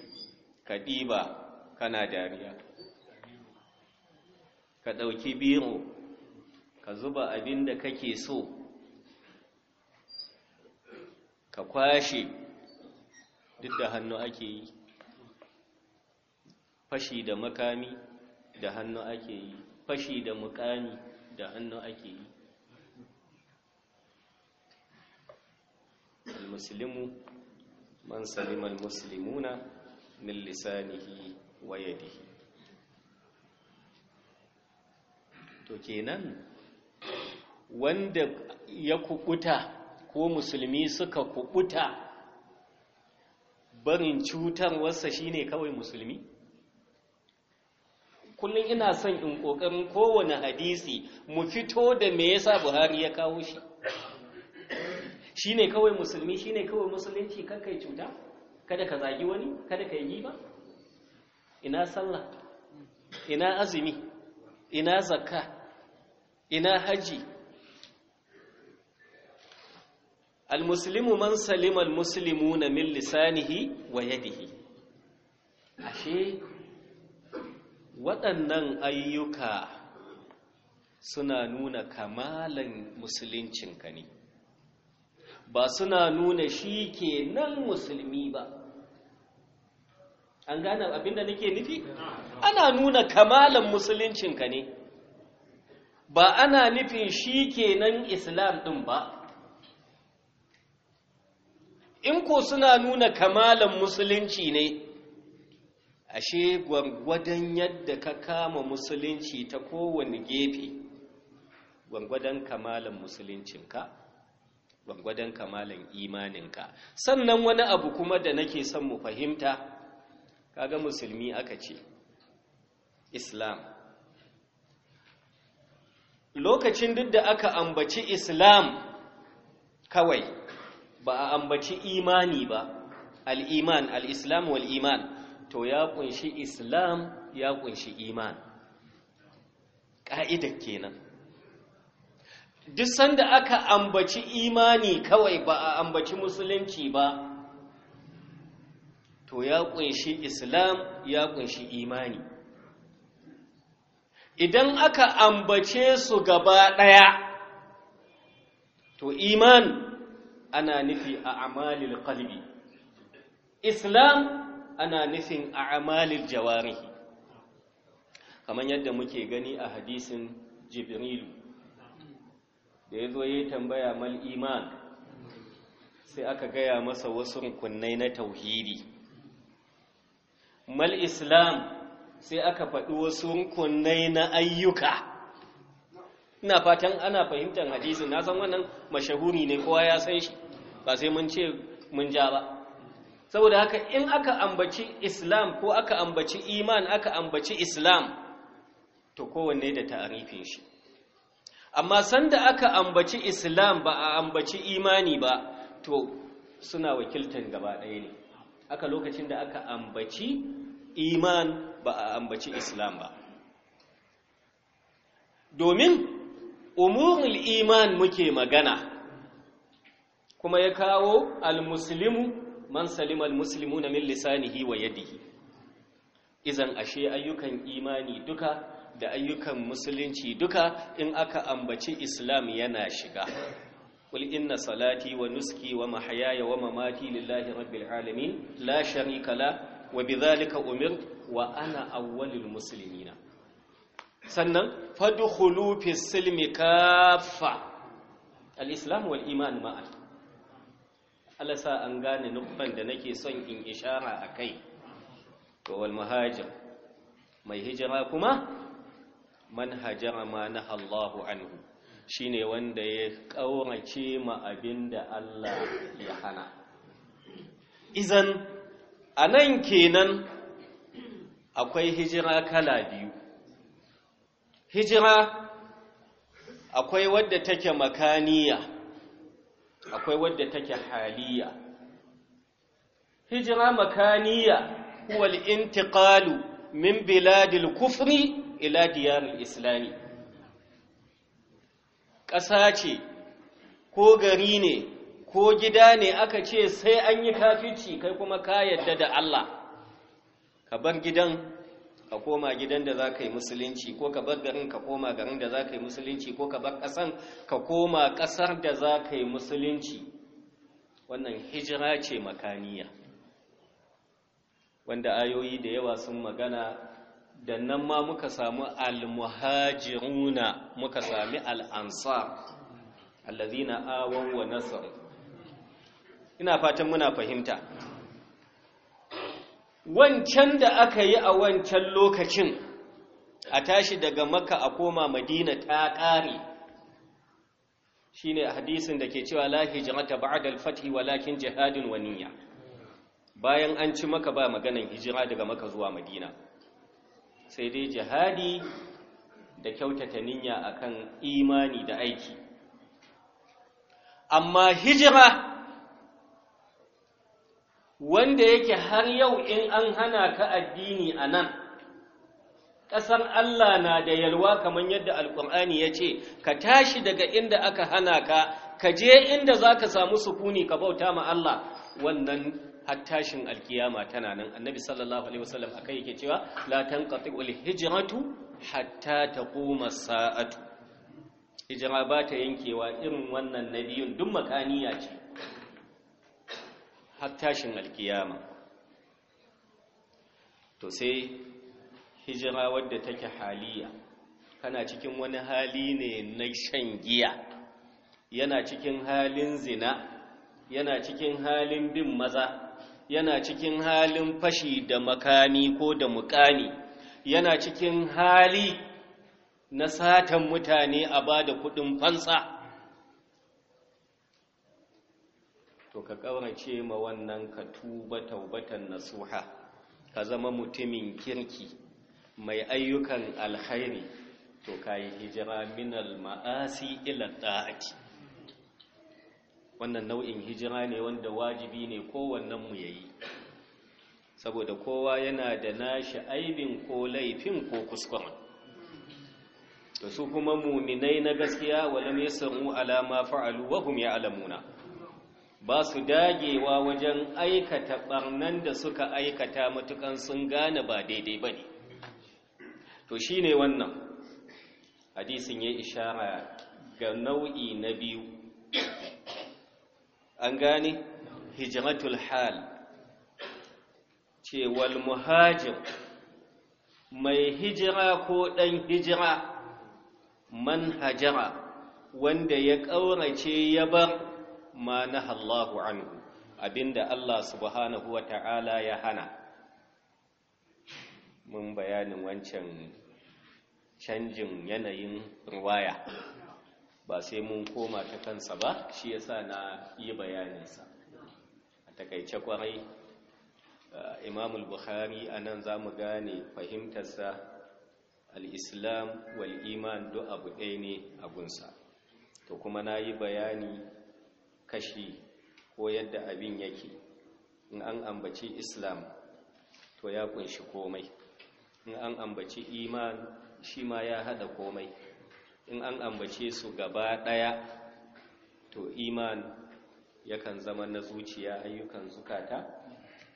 ka ɗiba kana dariya ka ɗauki biro ka zuba abin da kake so ka kwashe duk da hannu ake yi fashi da makami da hannu ake yi fashi da mukami da hannu ake yi al-muslimu man salima al-muslimuna min lisanihi wa yadihi to kenan wanda ya kubuta ko musulmi suka kubuta barin cutarwarsa shine kawai musulmi kullum ina son in ƙoƙarin kowane hadisi mu fito da me yasa buhari ya kawo shi shine kawai musulmi shine kawai musulunci kakai cuta kada ka zagi wani kada ka yi ba ina sallah ina azumi ina zakka ina haji almuslimu man salima na min lisanihi wa yadihi ashe waɗannan ayyuka suna nuna kamalan musuluncinka ne ba suna nuna shi ke nan musulmi ba an gane abinda nake nufi ana nuna kamalan musuluncinka ne ba ana nufin shi kenan islam ɗin ba in ko suna nuna kamalan musulunci ne ashe gwangwadon yadda ka kama musulunci ta kowane gefe gwangwadon kamalan musuluncinka gwangwadon kamalan imaninka sannan wani abu kuma da nake son mu fahimta kaga musulmi aka ce islam lokacin duk da aka ambaci islam kawai ba a ambaci imani ba al'iman al'islam wal'iman to ya kunshi islam ya kunshi iman ƙa'idar kenan duk sanda aka ambaci imani kawai ba a ambaci musulunci ba to ya kunshi islam ya kunshi imani idan aka ambace su gaba ɗaya to iman ana nufi a amalil qalbi islam ana nufin a amalil jawarihi kamar yadda muke gani a hadisin jibrilu da ya zo ya tambaya mal iman sai aka gaya masa wasu rukunai na tauhidi mal islam sai aka faɗi wasu rukunai na ayyuka ina fatan ana fahimtar hadisin na san wannan mashahuri ne kowa ya san shi ba sai mun ce mun ja ba saboda haka in aka ambaci islam ko aka ambaci iman aka ambaci islam to kowanne da ta'arifin shi amma sanda aka ambaci islam ba a ambaci imani ba to suna wakiltan gaba ɗaya ne aka lokacin da aka ambaci iman ba a ambaci islam ba domin umurul iman muke magana kuma ya kawo almuslimu man salima al-muslimu na min lisanihi wa yadihi izan ashe ayyukan imani duka da ayyukan musulunci duka in aka ambaci islam yana shiga Kul wa Salati wa Nuski wa mamati wa rabbil lillahi la sharika la wa bidhalika umir wa ana awwalul muslimina sannan fadkhulu fi silmi kaffa al-islam wal iman ma'an Allah sa an gane nukban da nake son in ishara akai kai. wal muhajir mai hijira kuma man hajara ma naha anhu shine wanda ya kaurace ma abinda Allah ya hana izan a nan kenan akwai hijira kala biyu hijira akwai wadda take makaniya akwai wadda take haliya hijira makaniya huwa al-intiqalu min biladil kufri ila diyaril islami ƙasa ce ko gari ne ko gida ne aka ce sai an yi kafici kai kuma ka yadda da Allah ka bar gidan ka koma gidan da za ka yi musulunci ko ka bar garin ka koma garin da za ka yi musulunci ko ka bar ƙasan ka koma ƙasar da za ka yi musulunci wannan hijira ce makaniya wanda ayoyi da yawa sun magana da nan ma muka samu almuhajiruna muka sami al'ansar allazina awon wa nasar. ina fatan muna fahimta wancan da aka yi a wancan lokacin a tashi daga maka a koma madina ta ƙare shine hadisin da ke cewa lahi jimata ba'ad al-fathi walakin jihadin waniya bayan an ci maka ba maganan hijira daga maka zuwa madina sai dai jihadi da kyautata niyya akan imani da aiki amma hijira wanda yake har yau in an hana ka addini a nan ƙasar Allah na da yalwa kamar yadda alƙur'ani ya ce ka tashi daga inda aka hana ka ka je inda za ka samu sukuni ka bauta ma Allah wannan hattashin alkiyama tana nan annabi sallallahu alaihi wasallam akai yake cewa la tanqati'ul hijratu hatta taquma sa'atu hijira ba ta yankewa irin wannan nabiyun duk makaniya ce har tashin alkiyama to sai hijira wadda take haliya kana cikin wani hali ne na shan giya yana cikin halin zina yana cikin halin bin maza yana cikin halin fashi da makami ko da mukami yana cikin hali na satan mutane a ba da kudin fansa to ka ƙaurace ma wannan ka tuba taubatan nasuha ka zama mutumin kirki mai ayyukan alkhairi to ka yi hijira min ma'asi ila ta'ati wannan nau'in hijira ne wanda wajibi ne kowannen mu yayi saboda kowa yana da nashi aibin ko laifin ko kuskure da su kuma muminai na gaskiya walam yasamu ala ma fa'alu wa hum ya'lamuna ba su dagewa wajen aikata ɓarnan da suka aikata matukan sun gane ba daidai ba ne to shi ne wannan hadisin ya ishara ga nau'i na biyu an gane hijratul hal cewal muhajir mai hijira ko ɗan hijira man hajara wanda ya ƙaurace ya bar ma nahallahu anhu abinda Allah subhanahu wa ta'ala ya hana mun bayanin wancan canjin yanayin ruwaya ba sai mun koma ta kansa ba shi yasa na yi bayaninsa a takaice kwarai eh, imamul buhari a nan za mu gane fahimtarsa Al-Islam wal iman ɗaya ne a gunsa to kuma na yi bayani kashi ko yadda abin yake in an ambaci islam to ya kunshi komai in an ambaci iman shi ma ya hada komai in an ambace su gaba daya to iman yakan zama na zuciya ayyukan zukata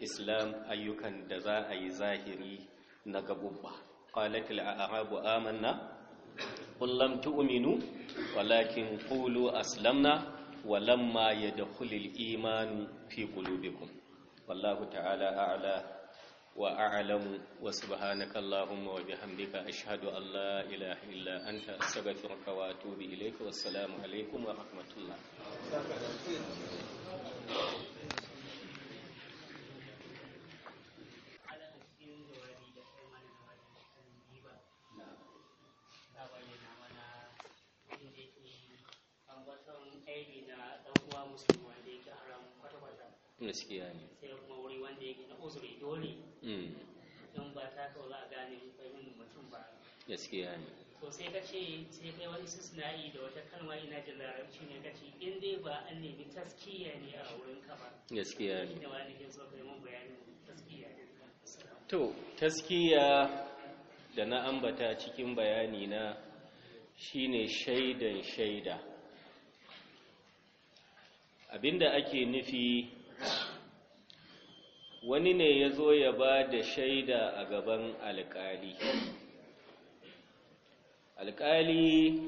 islam ayyukan da za a yi zahiri na gabubba a a'rabu amanna kullum tu'minu walakin qulu aslamna walamma ya da kulil imanu fi ƙulubikun wallahu ta'ala a'ala wa a'alamu wa subhanaka Allahumma wa bihamdika ashhadu an la ilaha illa anta astaghfiruka wa atubu ilayka wassalamu alaikum wa rahmatullah musulmi wanda yake haram kwata-kwata gaskiya ne sai kuma wuri wanda yake na uzuri dole in hmm. ba ta kawo za a gane mutum ba ne to sai ka ce sai kai wani sisnai da wata kalma ina jin larabci ne ka ce in dai ba an nemi taskiya ne a wurin ka ba gaskiya ne wani so kai mun bayanin taskiya to taskiya da na ambata cikin bayani na shine shaidan shaida abinda ake nufi wani ne ya zo ya ba da shaida a gaban alkali alkali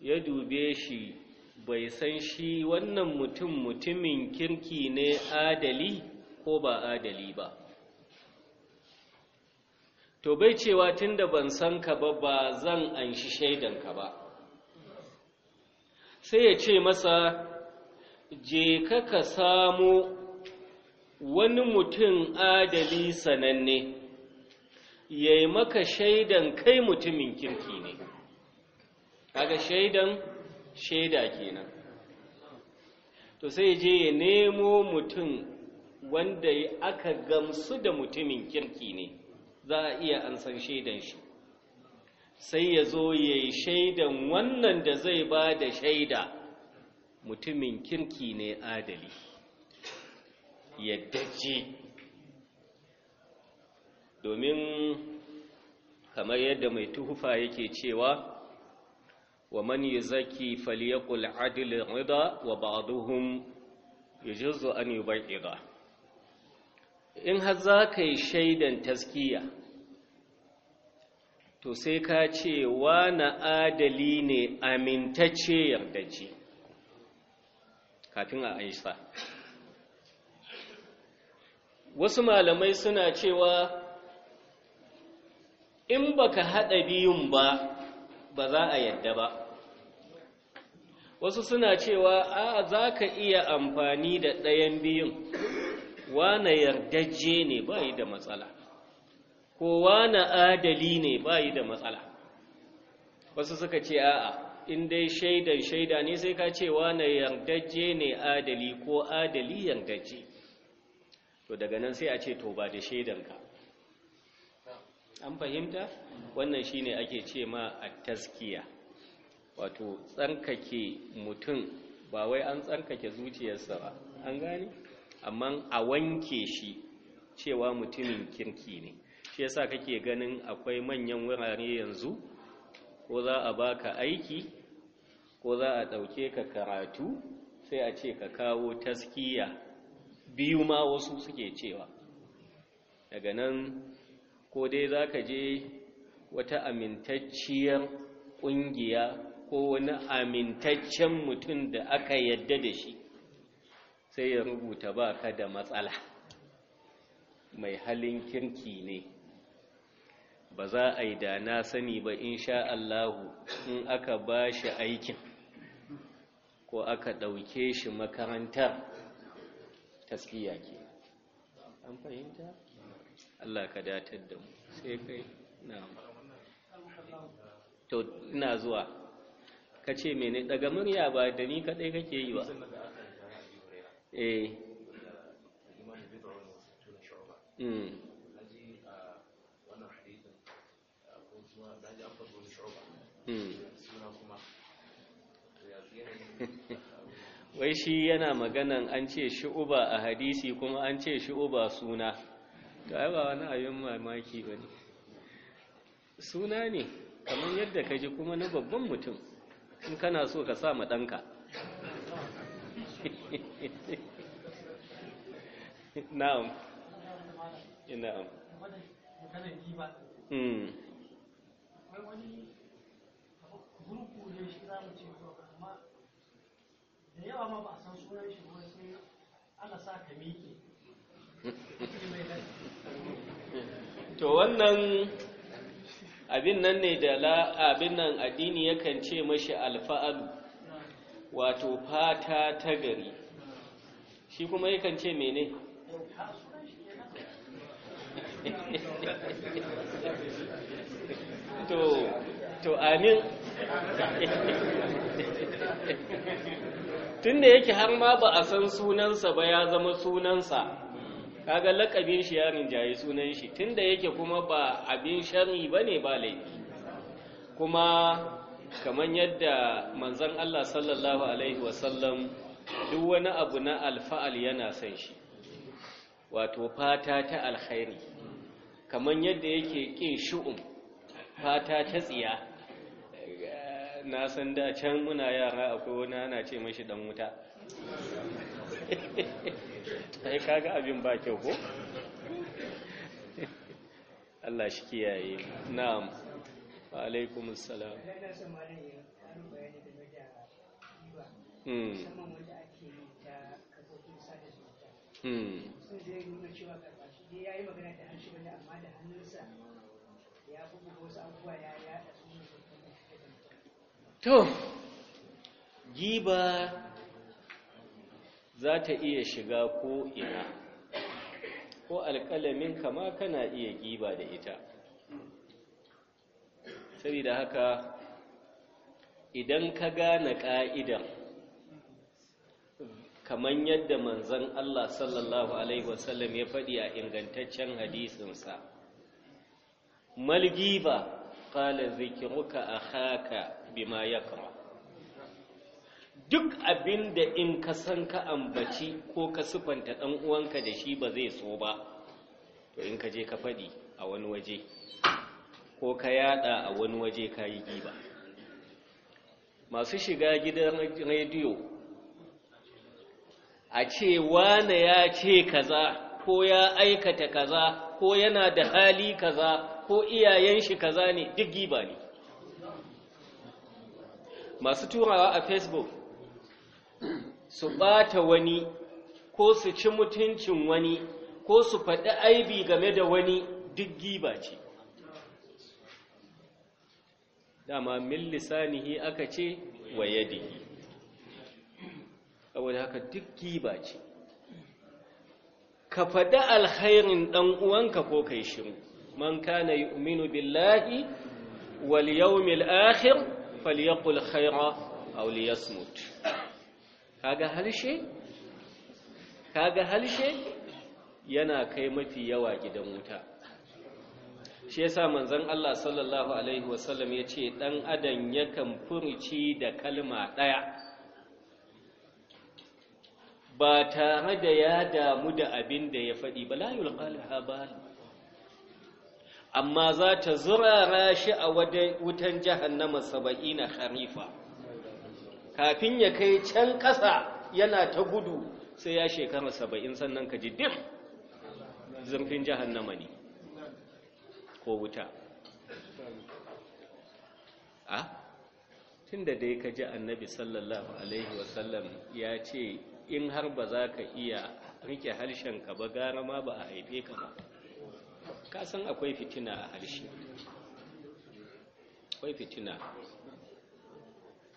ya dube shi bai san shi wannan mutum mutumin kirki ne adali ko ba adali ba to bai cewa tunda ban san ka ba ba zan anshi shaidanka ba sai ya ce masa je ka ka samo wani mutum adali sananne ya yi maka shaidan kai mutumin kirki ne kaga shaidan shaida kenan to sai je ya nemo mutum wanda aka gamsu da mutumin kirki ne za a iya an san shaidan shi sai ya zo ya yi shaidan wannan da zai ba da shaida mutumin kirki ne adali ya dace domin kamar yadda mai tuhufa yake cewa wa man yuzaki falyakul adl rida wa ba'dhum yujzu an yubayyida in har za yi shaidan taskiya to sai ka ce wa na adali ne amintacce yardaci kafin a aisa wasu malamai suna cewa in baka haɗa biyun ba ba za a yadda ba wasu suna cewa a za ka iya amfani da ɗayan biyun wane yardaje ne ba yi da matsala kowa na adali ne bayi da matsala wasu suka ce a'a in dai shaidan shaida ne sai ka ce wa na yardaje ne adali ko adali yardaje to daga nan sai a ce to ba da shaidanka an fahimta wannan shi shine ake ce ma a taskiya wato tsarkake mutum ba wai an tsarkake zuciyarsa ba an gane amma a wanke shi cewa mutumin kirki ne shi yasa kake ganin akwai manyan wurare yanzu ko za a baka aiki ko za a ɗauke ka karatu sai a ce ka kawo taskiya biyu ma wasu suke cewa daga nan ko dai za ka je wata amintacciyar ƙungiya ko wani amintaccen mutum da aka yadda da shi sai ya rubuta ba ka da matsala mai halin kirki ne ba za a yi da na sani ba in sha Allahu in aka ba shi aikin ko aka ɗauke shi makarantar taskiya ke an fahimta? Allah ka datar da mu sai kai na to ina zuwa ka ce mene daga murya ba da ni kaɗai kake yi ba eh hmm. Hmm. wai shi yana maganan an ce shu'uba a hadisi kuma an ce shu'uba suna ta yi ba wani abin mamaki ba ne suna ne kamar yadda ka ji kuma na babban mutum in kana so ka sa ɗanka na'am na'am hmm. wani to wannan abin nan ne da abin nan addini yakan ce mashi alfa'alu wato fata ta gari shi kuma yakan ce mene to to amin tun da yake har ma ba a san sunansa ba ya zama sunansa kaga lakabin shi ya rinjaye sunan shi tun da yake kuma ba abin shari ba ne ba laifi kuma kamar yadda manzan Allah sallallahu Alaihi wasallam duk wani abu na alfa'al yana san shi wato fata ta alkhairi kamar yadda yake ƙin shu'um fata ta tsiya na san da can muna yara akwai wani ana ce mashi dan wuta ai kaga abin ba kyau ko Allah shi kiyaye na'am wa alaikum assalam hmm hmm ya yi magana da hannu shi wani amma da hannunsa ya bugu wasu abubuwa ya yada to giba za ta iya shiga ko ina ko alƙalamin kama kana iya giba da ita Sabida haka idan ka gane ƙa'idan kamar yadda manzon Allah sallallahu Alaihi wasallam ya faɗi a ingantaccen hadisinsa malgiba ƙala zikiruka a haka bima kama duk abin da in ka san ka ambaci ko ka sufanta ɗan uwanka da shi ba zai so ba to in ka je ka faɗi a wani waje ko ka yada a wani waje ka yi giba masu shiga gidan rediyo a ce wane ya ce kaza ko ya aikata kaza ko yana da hali kaza ko iyayen shi kaza ne duk giba ne masu turawa a facebook su ɓata wani ko su ci mutuncin wani ko su faɗi aibi game da wani duk giba ce dama min lisanihi aka ce wa yadihi saboda haka duk giba ce ka faɗi alkhairin ɗan uwanka ko kai shiru man kana yu'minu billahi wal yawmil akhir falyaqul khaira aw liyasmut kaga halshe kaga halshe yana kai mafi yawa gidan wuta shi yasa manzon Allah sallallahu alaihi wasallam yace dan adam yakan furuci da kalma daya ba tare da ya damu da abin da ya faɗi bala la yulqal habal amma za ta zurara shi a wutan jahannama na harifa kafin ya kai can ƙasa yana ta gudu sai ya shekara saba'in sannan ka ji duk zurfin jahannama ne ko wuta a tun da dai ka ji annabi sallallahu alaihi wasallam ya ce in har ba za ka iya rike harshenka ba gara ma ba a haife ka ba ka san akwai fitina a harshe akwai fitina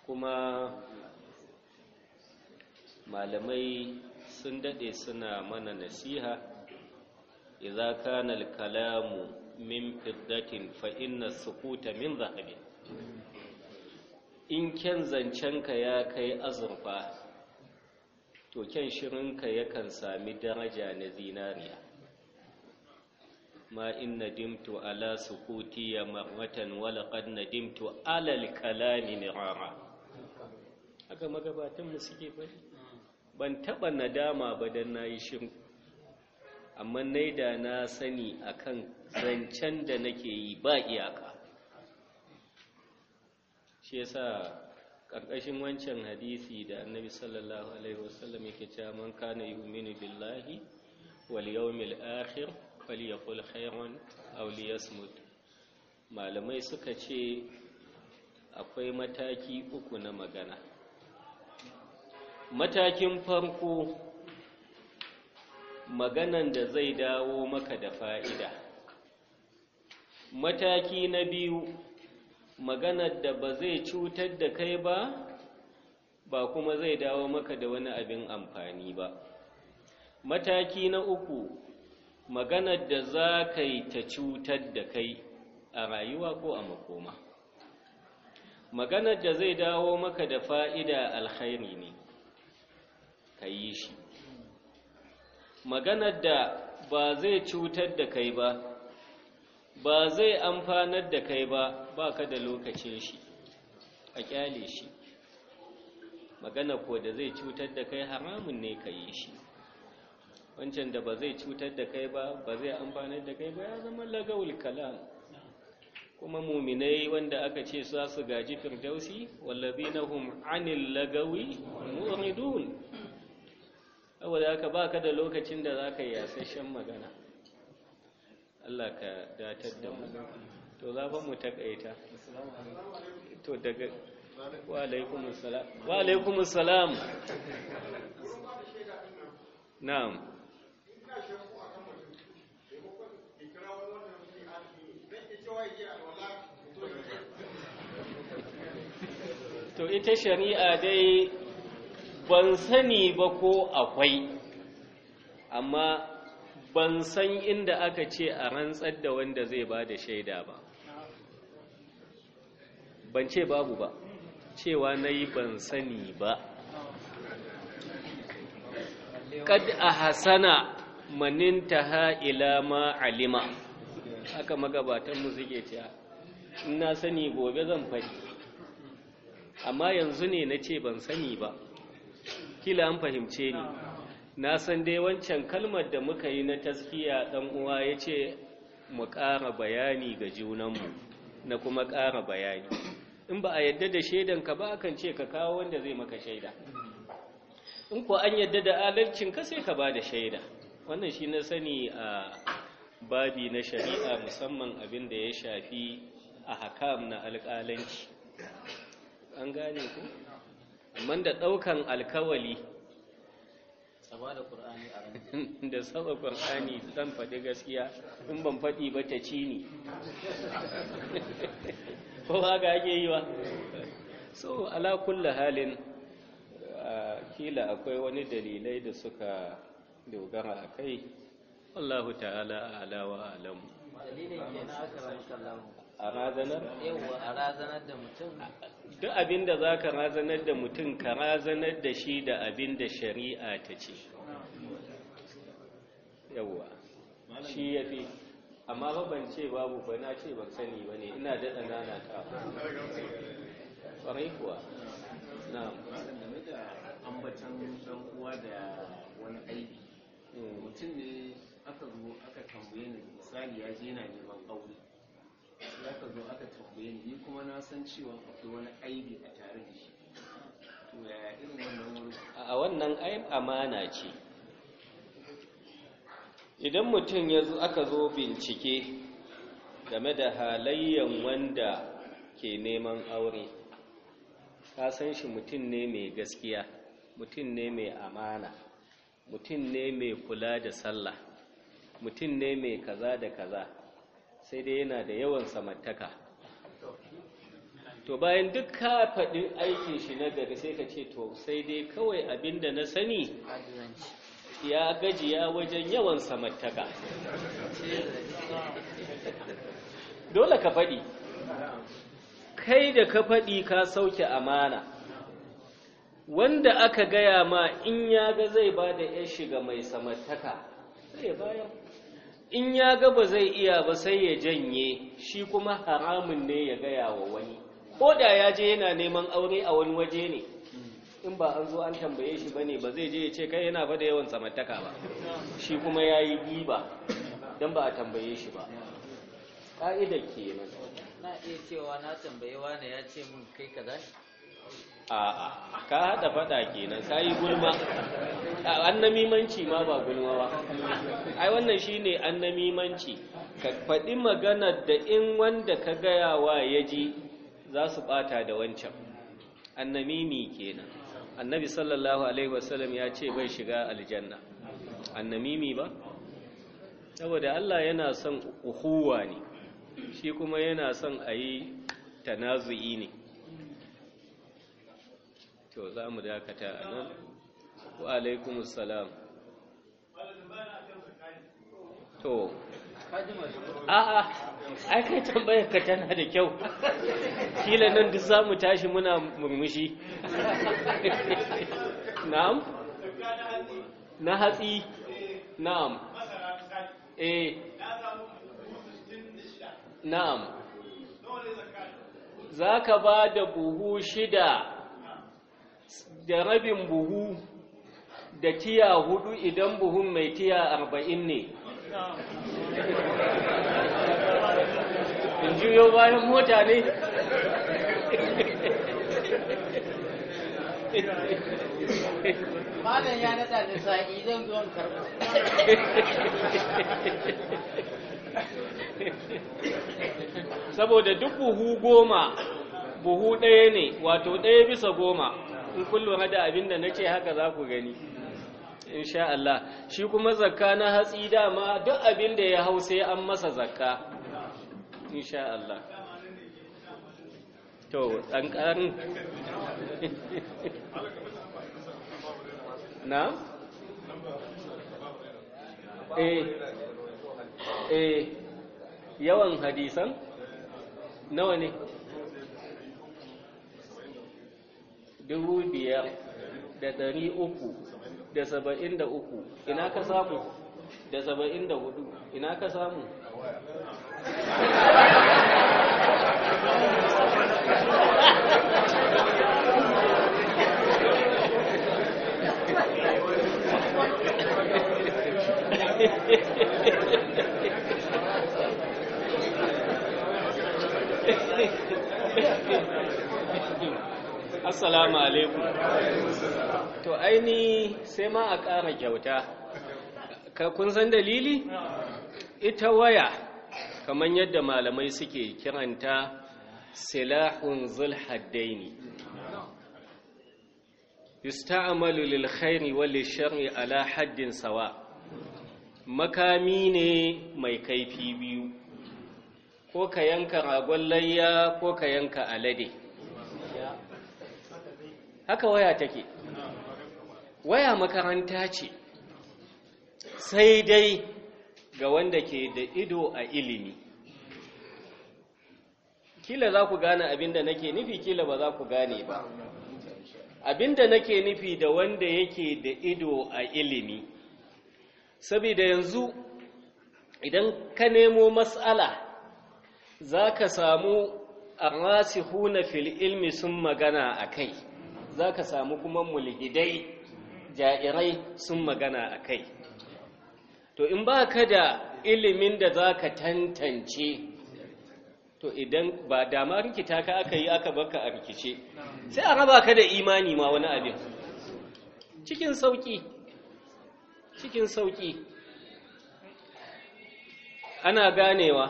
kuma malamai sun daɗe suna mana nasiha idza kana al-kalamu min fiddatin fa inna sukuta min zahabin in kyan ka ya kai azurfa to kyan shirinka yakan sami daraja na zinariya ما إن ندمت على سكوتي مرة ولقد ندمت على الكلام مرارا haka magabatanmu suke bari ban taɓa nadama ba don na yi shiru amma da na sani akan zancen da nake yi ba iyaka shi yasa ƙarƙashin wancan hadisi da annabi sallallahu alaihi wasallam yake cewa man kana yu'minu billahi wal yawmil akhir falyakul khairun aw liyasmut malamai suka ce akwai mataki uku na magana matakin farko maganan da zai dawo maka da fa'ida mataki na biyu maganar da ba zai cutar da kai ba ba kuma zai dawo maka da wani abin amfani ba mataki na uku maganar da za ka yi ta cutar da kai a rayuwa ko a makoma maganar da zai dawo maka da fa'ida alkhairi ne ka yi shi maganar da ba zai cutar da kai ba ba zai amfanar da kai ba ba ka da lokacin shi a kyale shi magana ko da zai cutar da kai haramun ne ka yi shi wancan da ba zai cutar da kai ba ba zai amfanar da kai ba ya zama lagawul kalam kuma muminai wanda aka ce su su gaji firdausi hum anil lagawi muridun saboda haka ka da lokacin da ka yi yasashen magana Allah ka datar da mu to za mu takaita to daga wa alaikumussalam wa alaikumussalam na'am to ita shari'a dai ban sani ba ko akwai amma ban san inda aka ce a rantsar da wanda zai ba da shaida ba ban ce babu ba cewa na yi ban sani ba kad a hasana manintaha ila ma alima haka magabatanmu suke cewa ina sani gobe zan faɗi amma yanzu ne na ce ban sani ba kila an fahimce ni na san dai wancan kalmar da muka yi na taskiya ɗan uwa ya ce mu ƙara bayani ga junanmu na kuma ƙara bayani in ba a yadda da shaidanka ba akan ce ka kawo wanda zai maka shaida in ko an yadda da ka, sai ka ba da shaida wannan shi na sani a babi na shari'a musamman abin da ya shafi a hakam na alƙalanci an gane ku amma da ɗaukan alkawali da saba ƙur'ani zan faɗi gaskiya in ban faɗi ba ta ci ni ko haka ake yi wa so ala kulla halin kila akwai wani dalilai da suka dogara a kai wallahu ta'ala ala wa alamu dalilin kenan aka ramu a razanar yawa a razanar da mutum duk za ka razanar da mutum ka razanar da shi da abin da shari'a ta ce yawa shi ya fi amma babban ce babu ba na ce ba sani ba ne ina da ɗana na ta ƙwarai kuwa na ambatan ɗan kuwa da wani aiki mutum ne aka zo aka tambaye ni misali ya je na neman aure ya ka zo aka tambaye ni ni kuma na san cewa akwai wani aibi a tare da shi to ya irin wannan wuri a wannan aib amana ce idan mutum ya zo aka zo bincike game da halayyan wanda ke neman aure ka san shi mutum ne mai gaskiya mutum ne mai amana mutum ne mai kula da sallah mutum ne mai kaza da kaza sai dai yana da yawan samartaka to bayan duk ka faɗi aikin shi na gari sai ka ce to sai dai kawai abinda na sani ya gajiya wajen yawan samartaka dole ka faɗi kai da ka faɗi ka sauke amana wanda aka gaya ma in ya ga zai ba da ya shiga mai samartaka sai ya bayan in ya ga ba zai iya ba sai ya janye shi kuma haramun ne ya gaya wa wani ko da ya je yana neman aure a wani waje ne in ba an zo an tambaye shi ba ne ba zai je ya ce kai yana ba da yawan samartaka ba shi kuma ya yi giba don ba a tambaye shi ba ƙa'idar ke na iya cewa na tambaye wane ya ce mun kai ka zai a'a ka haɗa faɗa kenan ka yi gulma annamimanci ma ba gulma ba ai wannan shine annamimanci ka faɗi magana da in wanda ka gaya wa ya ji za su ɓata da wancan annamimi kenan annabi sallallahu alaihi wasallam ya ce bai shiga aljanna annamimi ba saboda Allah yana son uhuwa ne shi kuma yana son ayi yi tanazu'i ne to za mu dakata a nan wa alaikun salam to a'a ai kai tambayar ka tana da kyau kila nan duk za mu tashi muna murmushi na'am na hatsi na'am eh na'am za ka ba da buhu shida da rabin buhu da tiya hudu idan buhun mai tiya arba'in ne in juyo bayan mota ne malam ya nada da sa'i zan zuwan saboda duk buhu goma buhu ɗaya ne wato ɗaya bisa goma in kullum lura da abin da na ce haka za ku gani insha Allah shi kuma zakka na hatsi dama duk abin da ya hau sai an masa zakka insha Allah to na? eh eh yawan hadisan nawa ne? dubu biyar da dari uku da saba'in da uku ina ka samu da saba'in da hudu ina ka samu Yeah. assalamu alaikum to aini sai ma a ƙara kyauta ka kun san dalili ita waya kamar yadda malamai suke kiranta silahun zulhaddaini yusta'malu lil khairi wal sharri ala haddin sawa makami ne mai kaifi biyu ko ka yanka ragon layya ko ka yanka alade haka waya take waya makaranta ce sai dai ga wanda ke da ido a ilimi kila za ku gane abinda nake nufi kila ba za ku gane ba abinda nake nufi da wanda yake da ido a ilimi saboda yanzu idan ka nemo matsala za ka samu na fil ilmi sun magana a kai za ka samu kuma mulhidai ja'irai sun magana a kai to in ba ka da ilimin da za ka tantance to idan ba dama rikita ka aka yi aka baka a rikice sai a raba ka da imani ma wani abin cikin sauki cikin sauki ana ganewa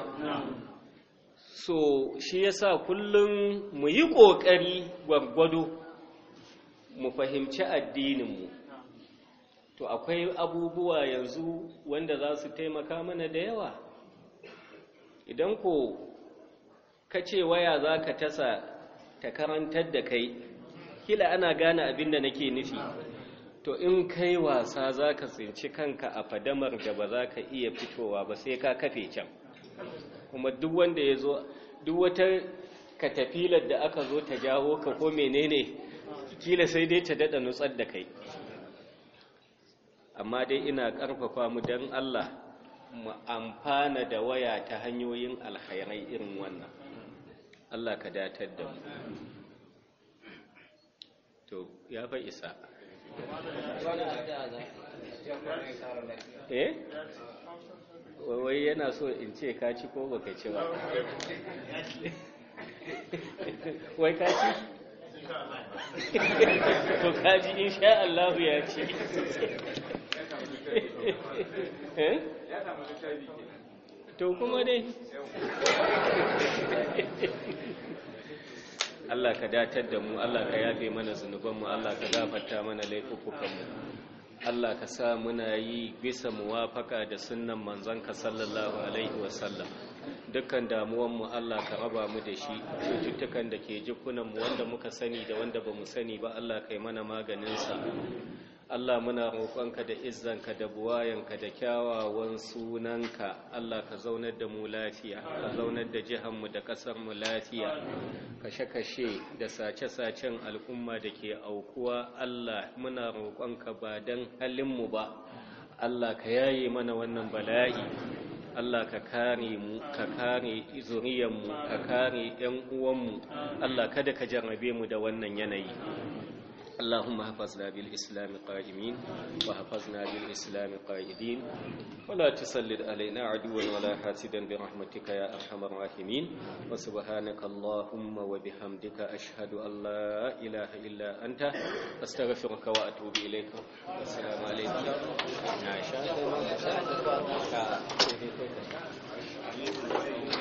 so shi yasa kullum mu yi ƙoƙari gwargwado mu fahimci addininmu to akwai abubuwa yanzu wanda za su taimaka mana da yawa idan ko ka ce waya za ka tasa ta karantar da kai kila ana gane abin da nake nufi to in kai wasa za ka tsinci kanka a fadamar da ba za ka iya fitowa ba sai ka kafe can kuma duk wanda ya zo duk wata katafilar da aka zo ta jawo ka ko menene kila sai dai ta daɗa nutsar da kai amma dai ina ƙarfafa mu don Allah mu amfana da waya ta hanyoyin alhairai irin wannan Allah ka datar da mu to ya fa isa eh wai yana so in ce ka ci ko baka ci ba wai ka ci to kaji in sha Allah ya ce eh? to kuma dai Allah ka datar da mu Allah ka yafe mana zunubanmu Allah ka gafarta mana mu Allah ka sa muna yi bisa muwafaka da sunnan ka sallallahu alaihi wasallam dukkan damuwanmu Allah ka raba mu da shi cututtukan da ke jikunanmu wanda muka sani da wanda ba mu sani ba Allah kai mana maganinsa Allah muna roƙonka da izzanka da buwayanka da kyawawan sunanka Allah ka zaunar da mu lafiya ka zaunar da jihanmu da ƙasarmu lafiya kashe-kashe da sace-sacen al'umma da ke aukuwa Allah muna roƙonka ba don mu ba Allah ka yaye mana wannan bala'i Allah ka kare mu ka kare zuriyarmu ka kare 'yan uwanmu Allah kada ka jarrabe mu da wannan yanayi اللهم حفظنا بالإسلام قائمين وحفظنا بالإسلام قائدين ولا تسلد علينا عدوا ولا حاسدا برحمتك يا أرحم الراحمين وسبحانك اللهم وبحمدك أشهد أن لا إله إلا أنت أستغفرك وأتوب إليك والسلام عليكم عائشة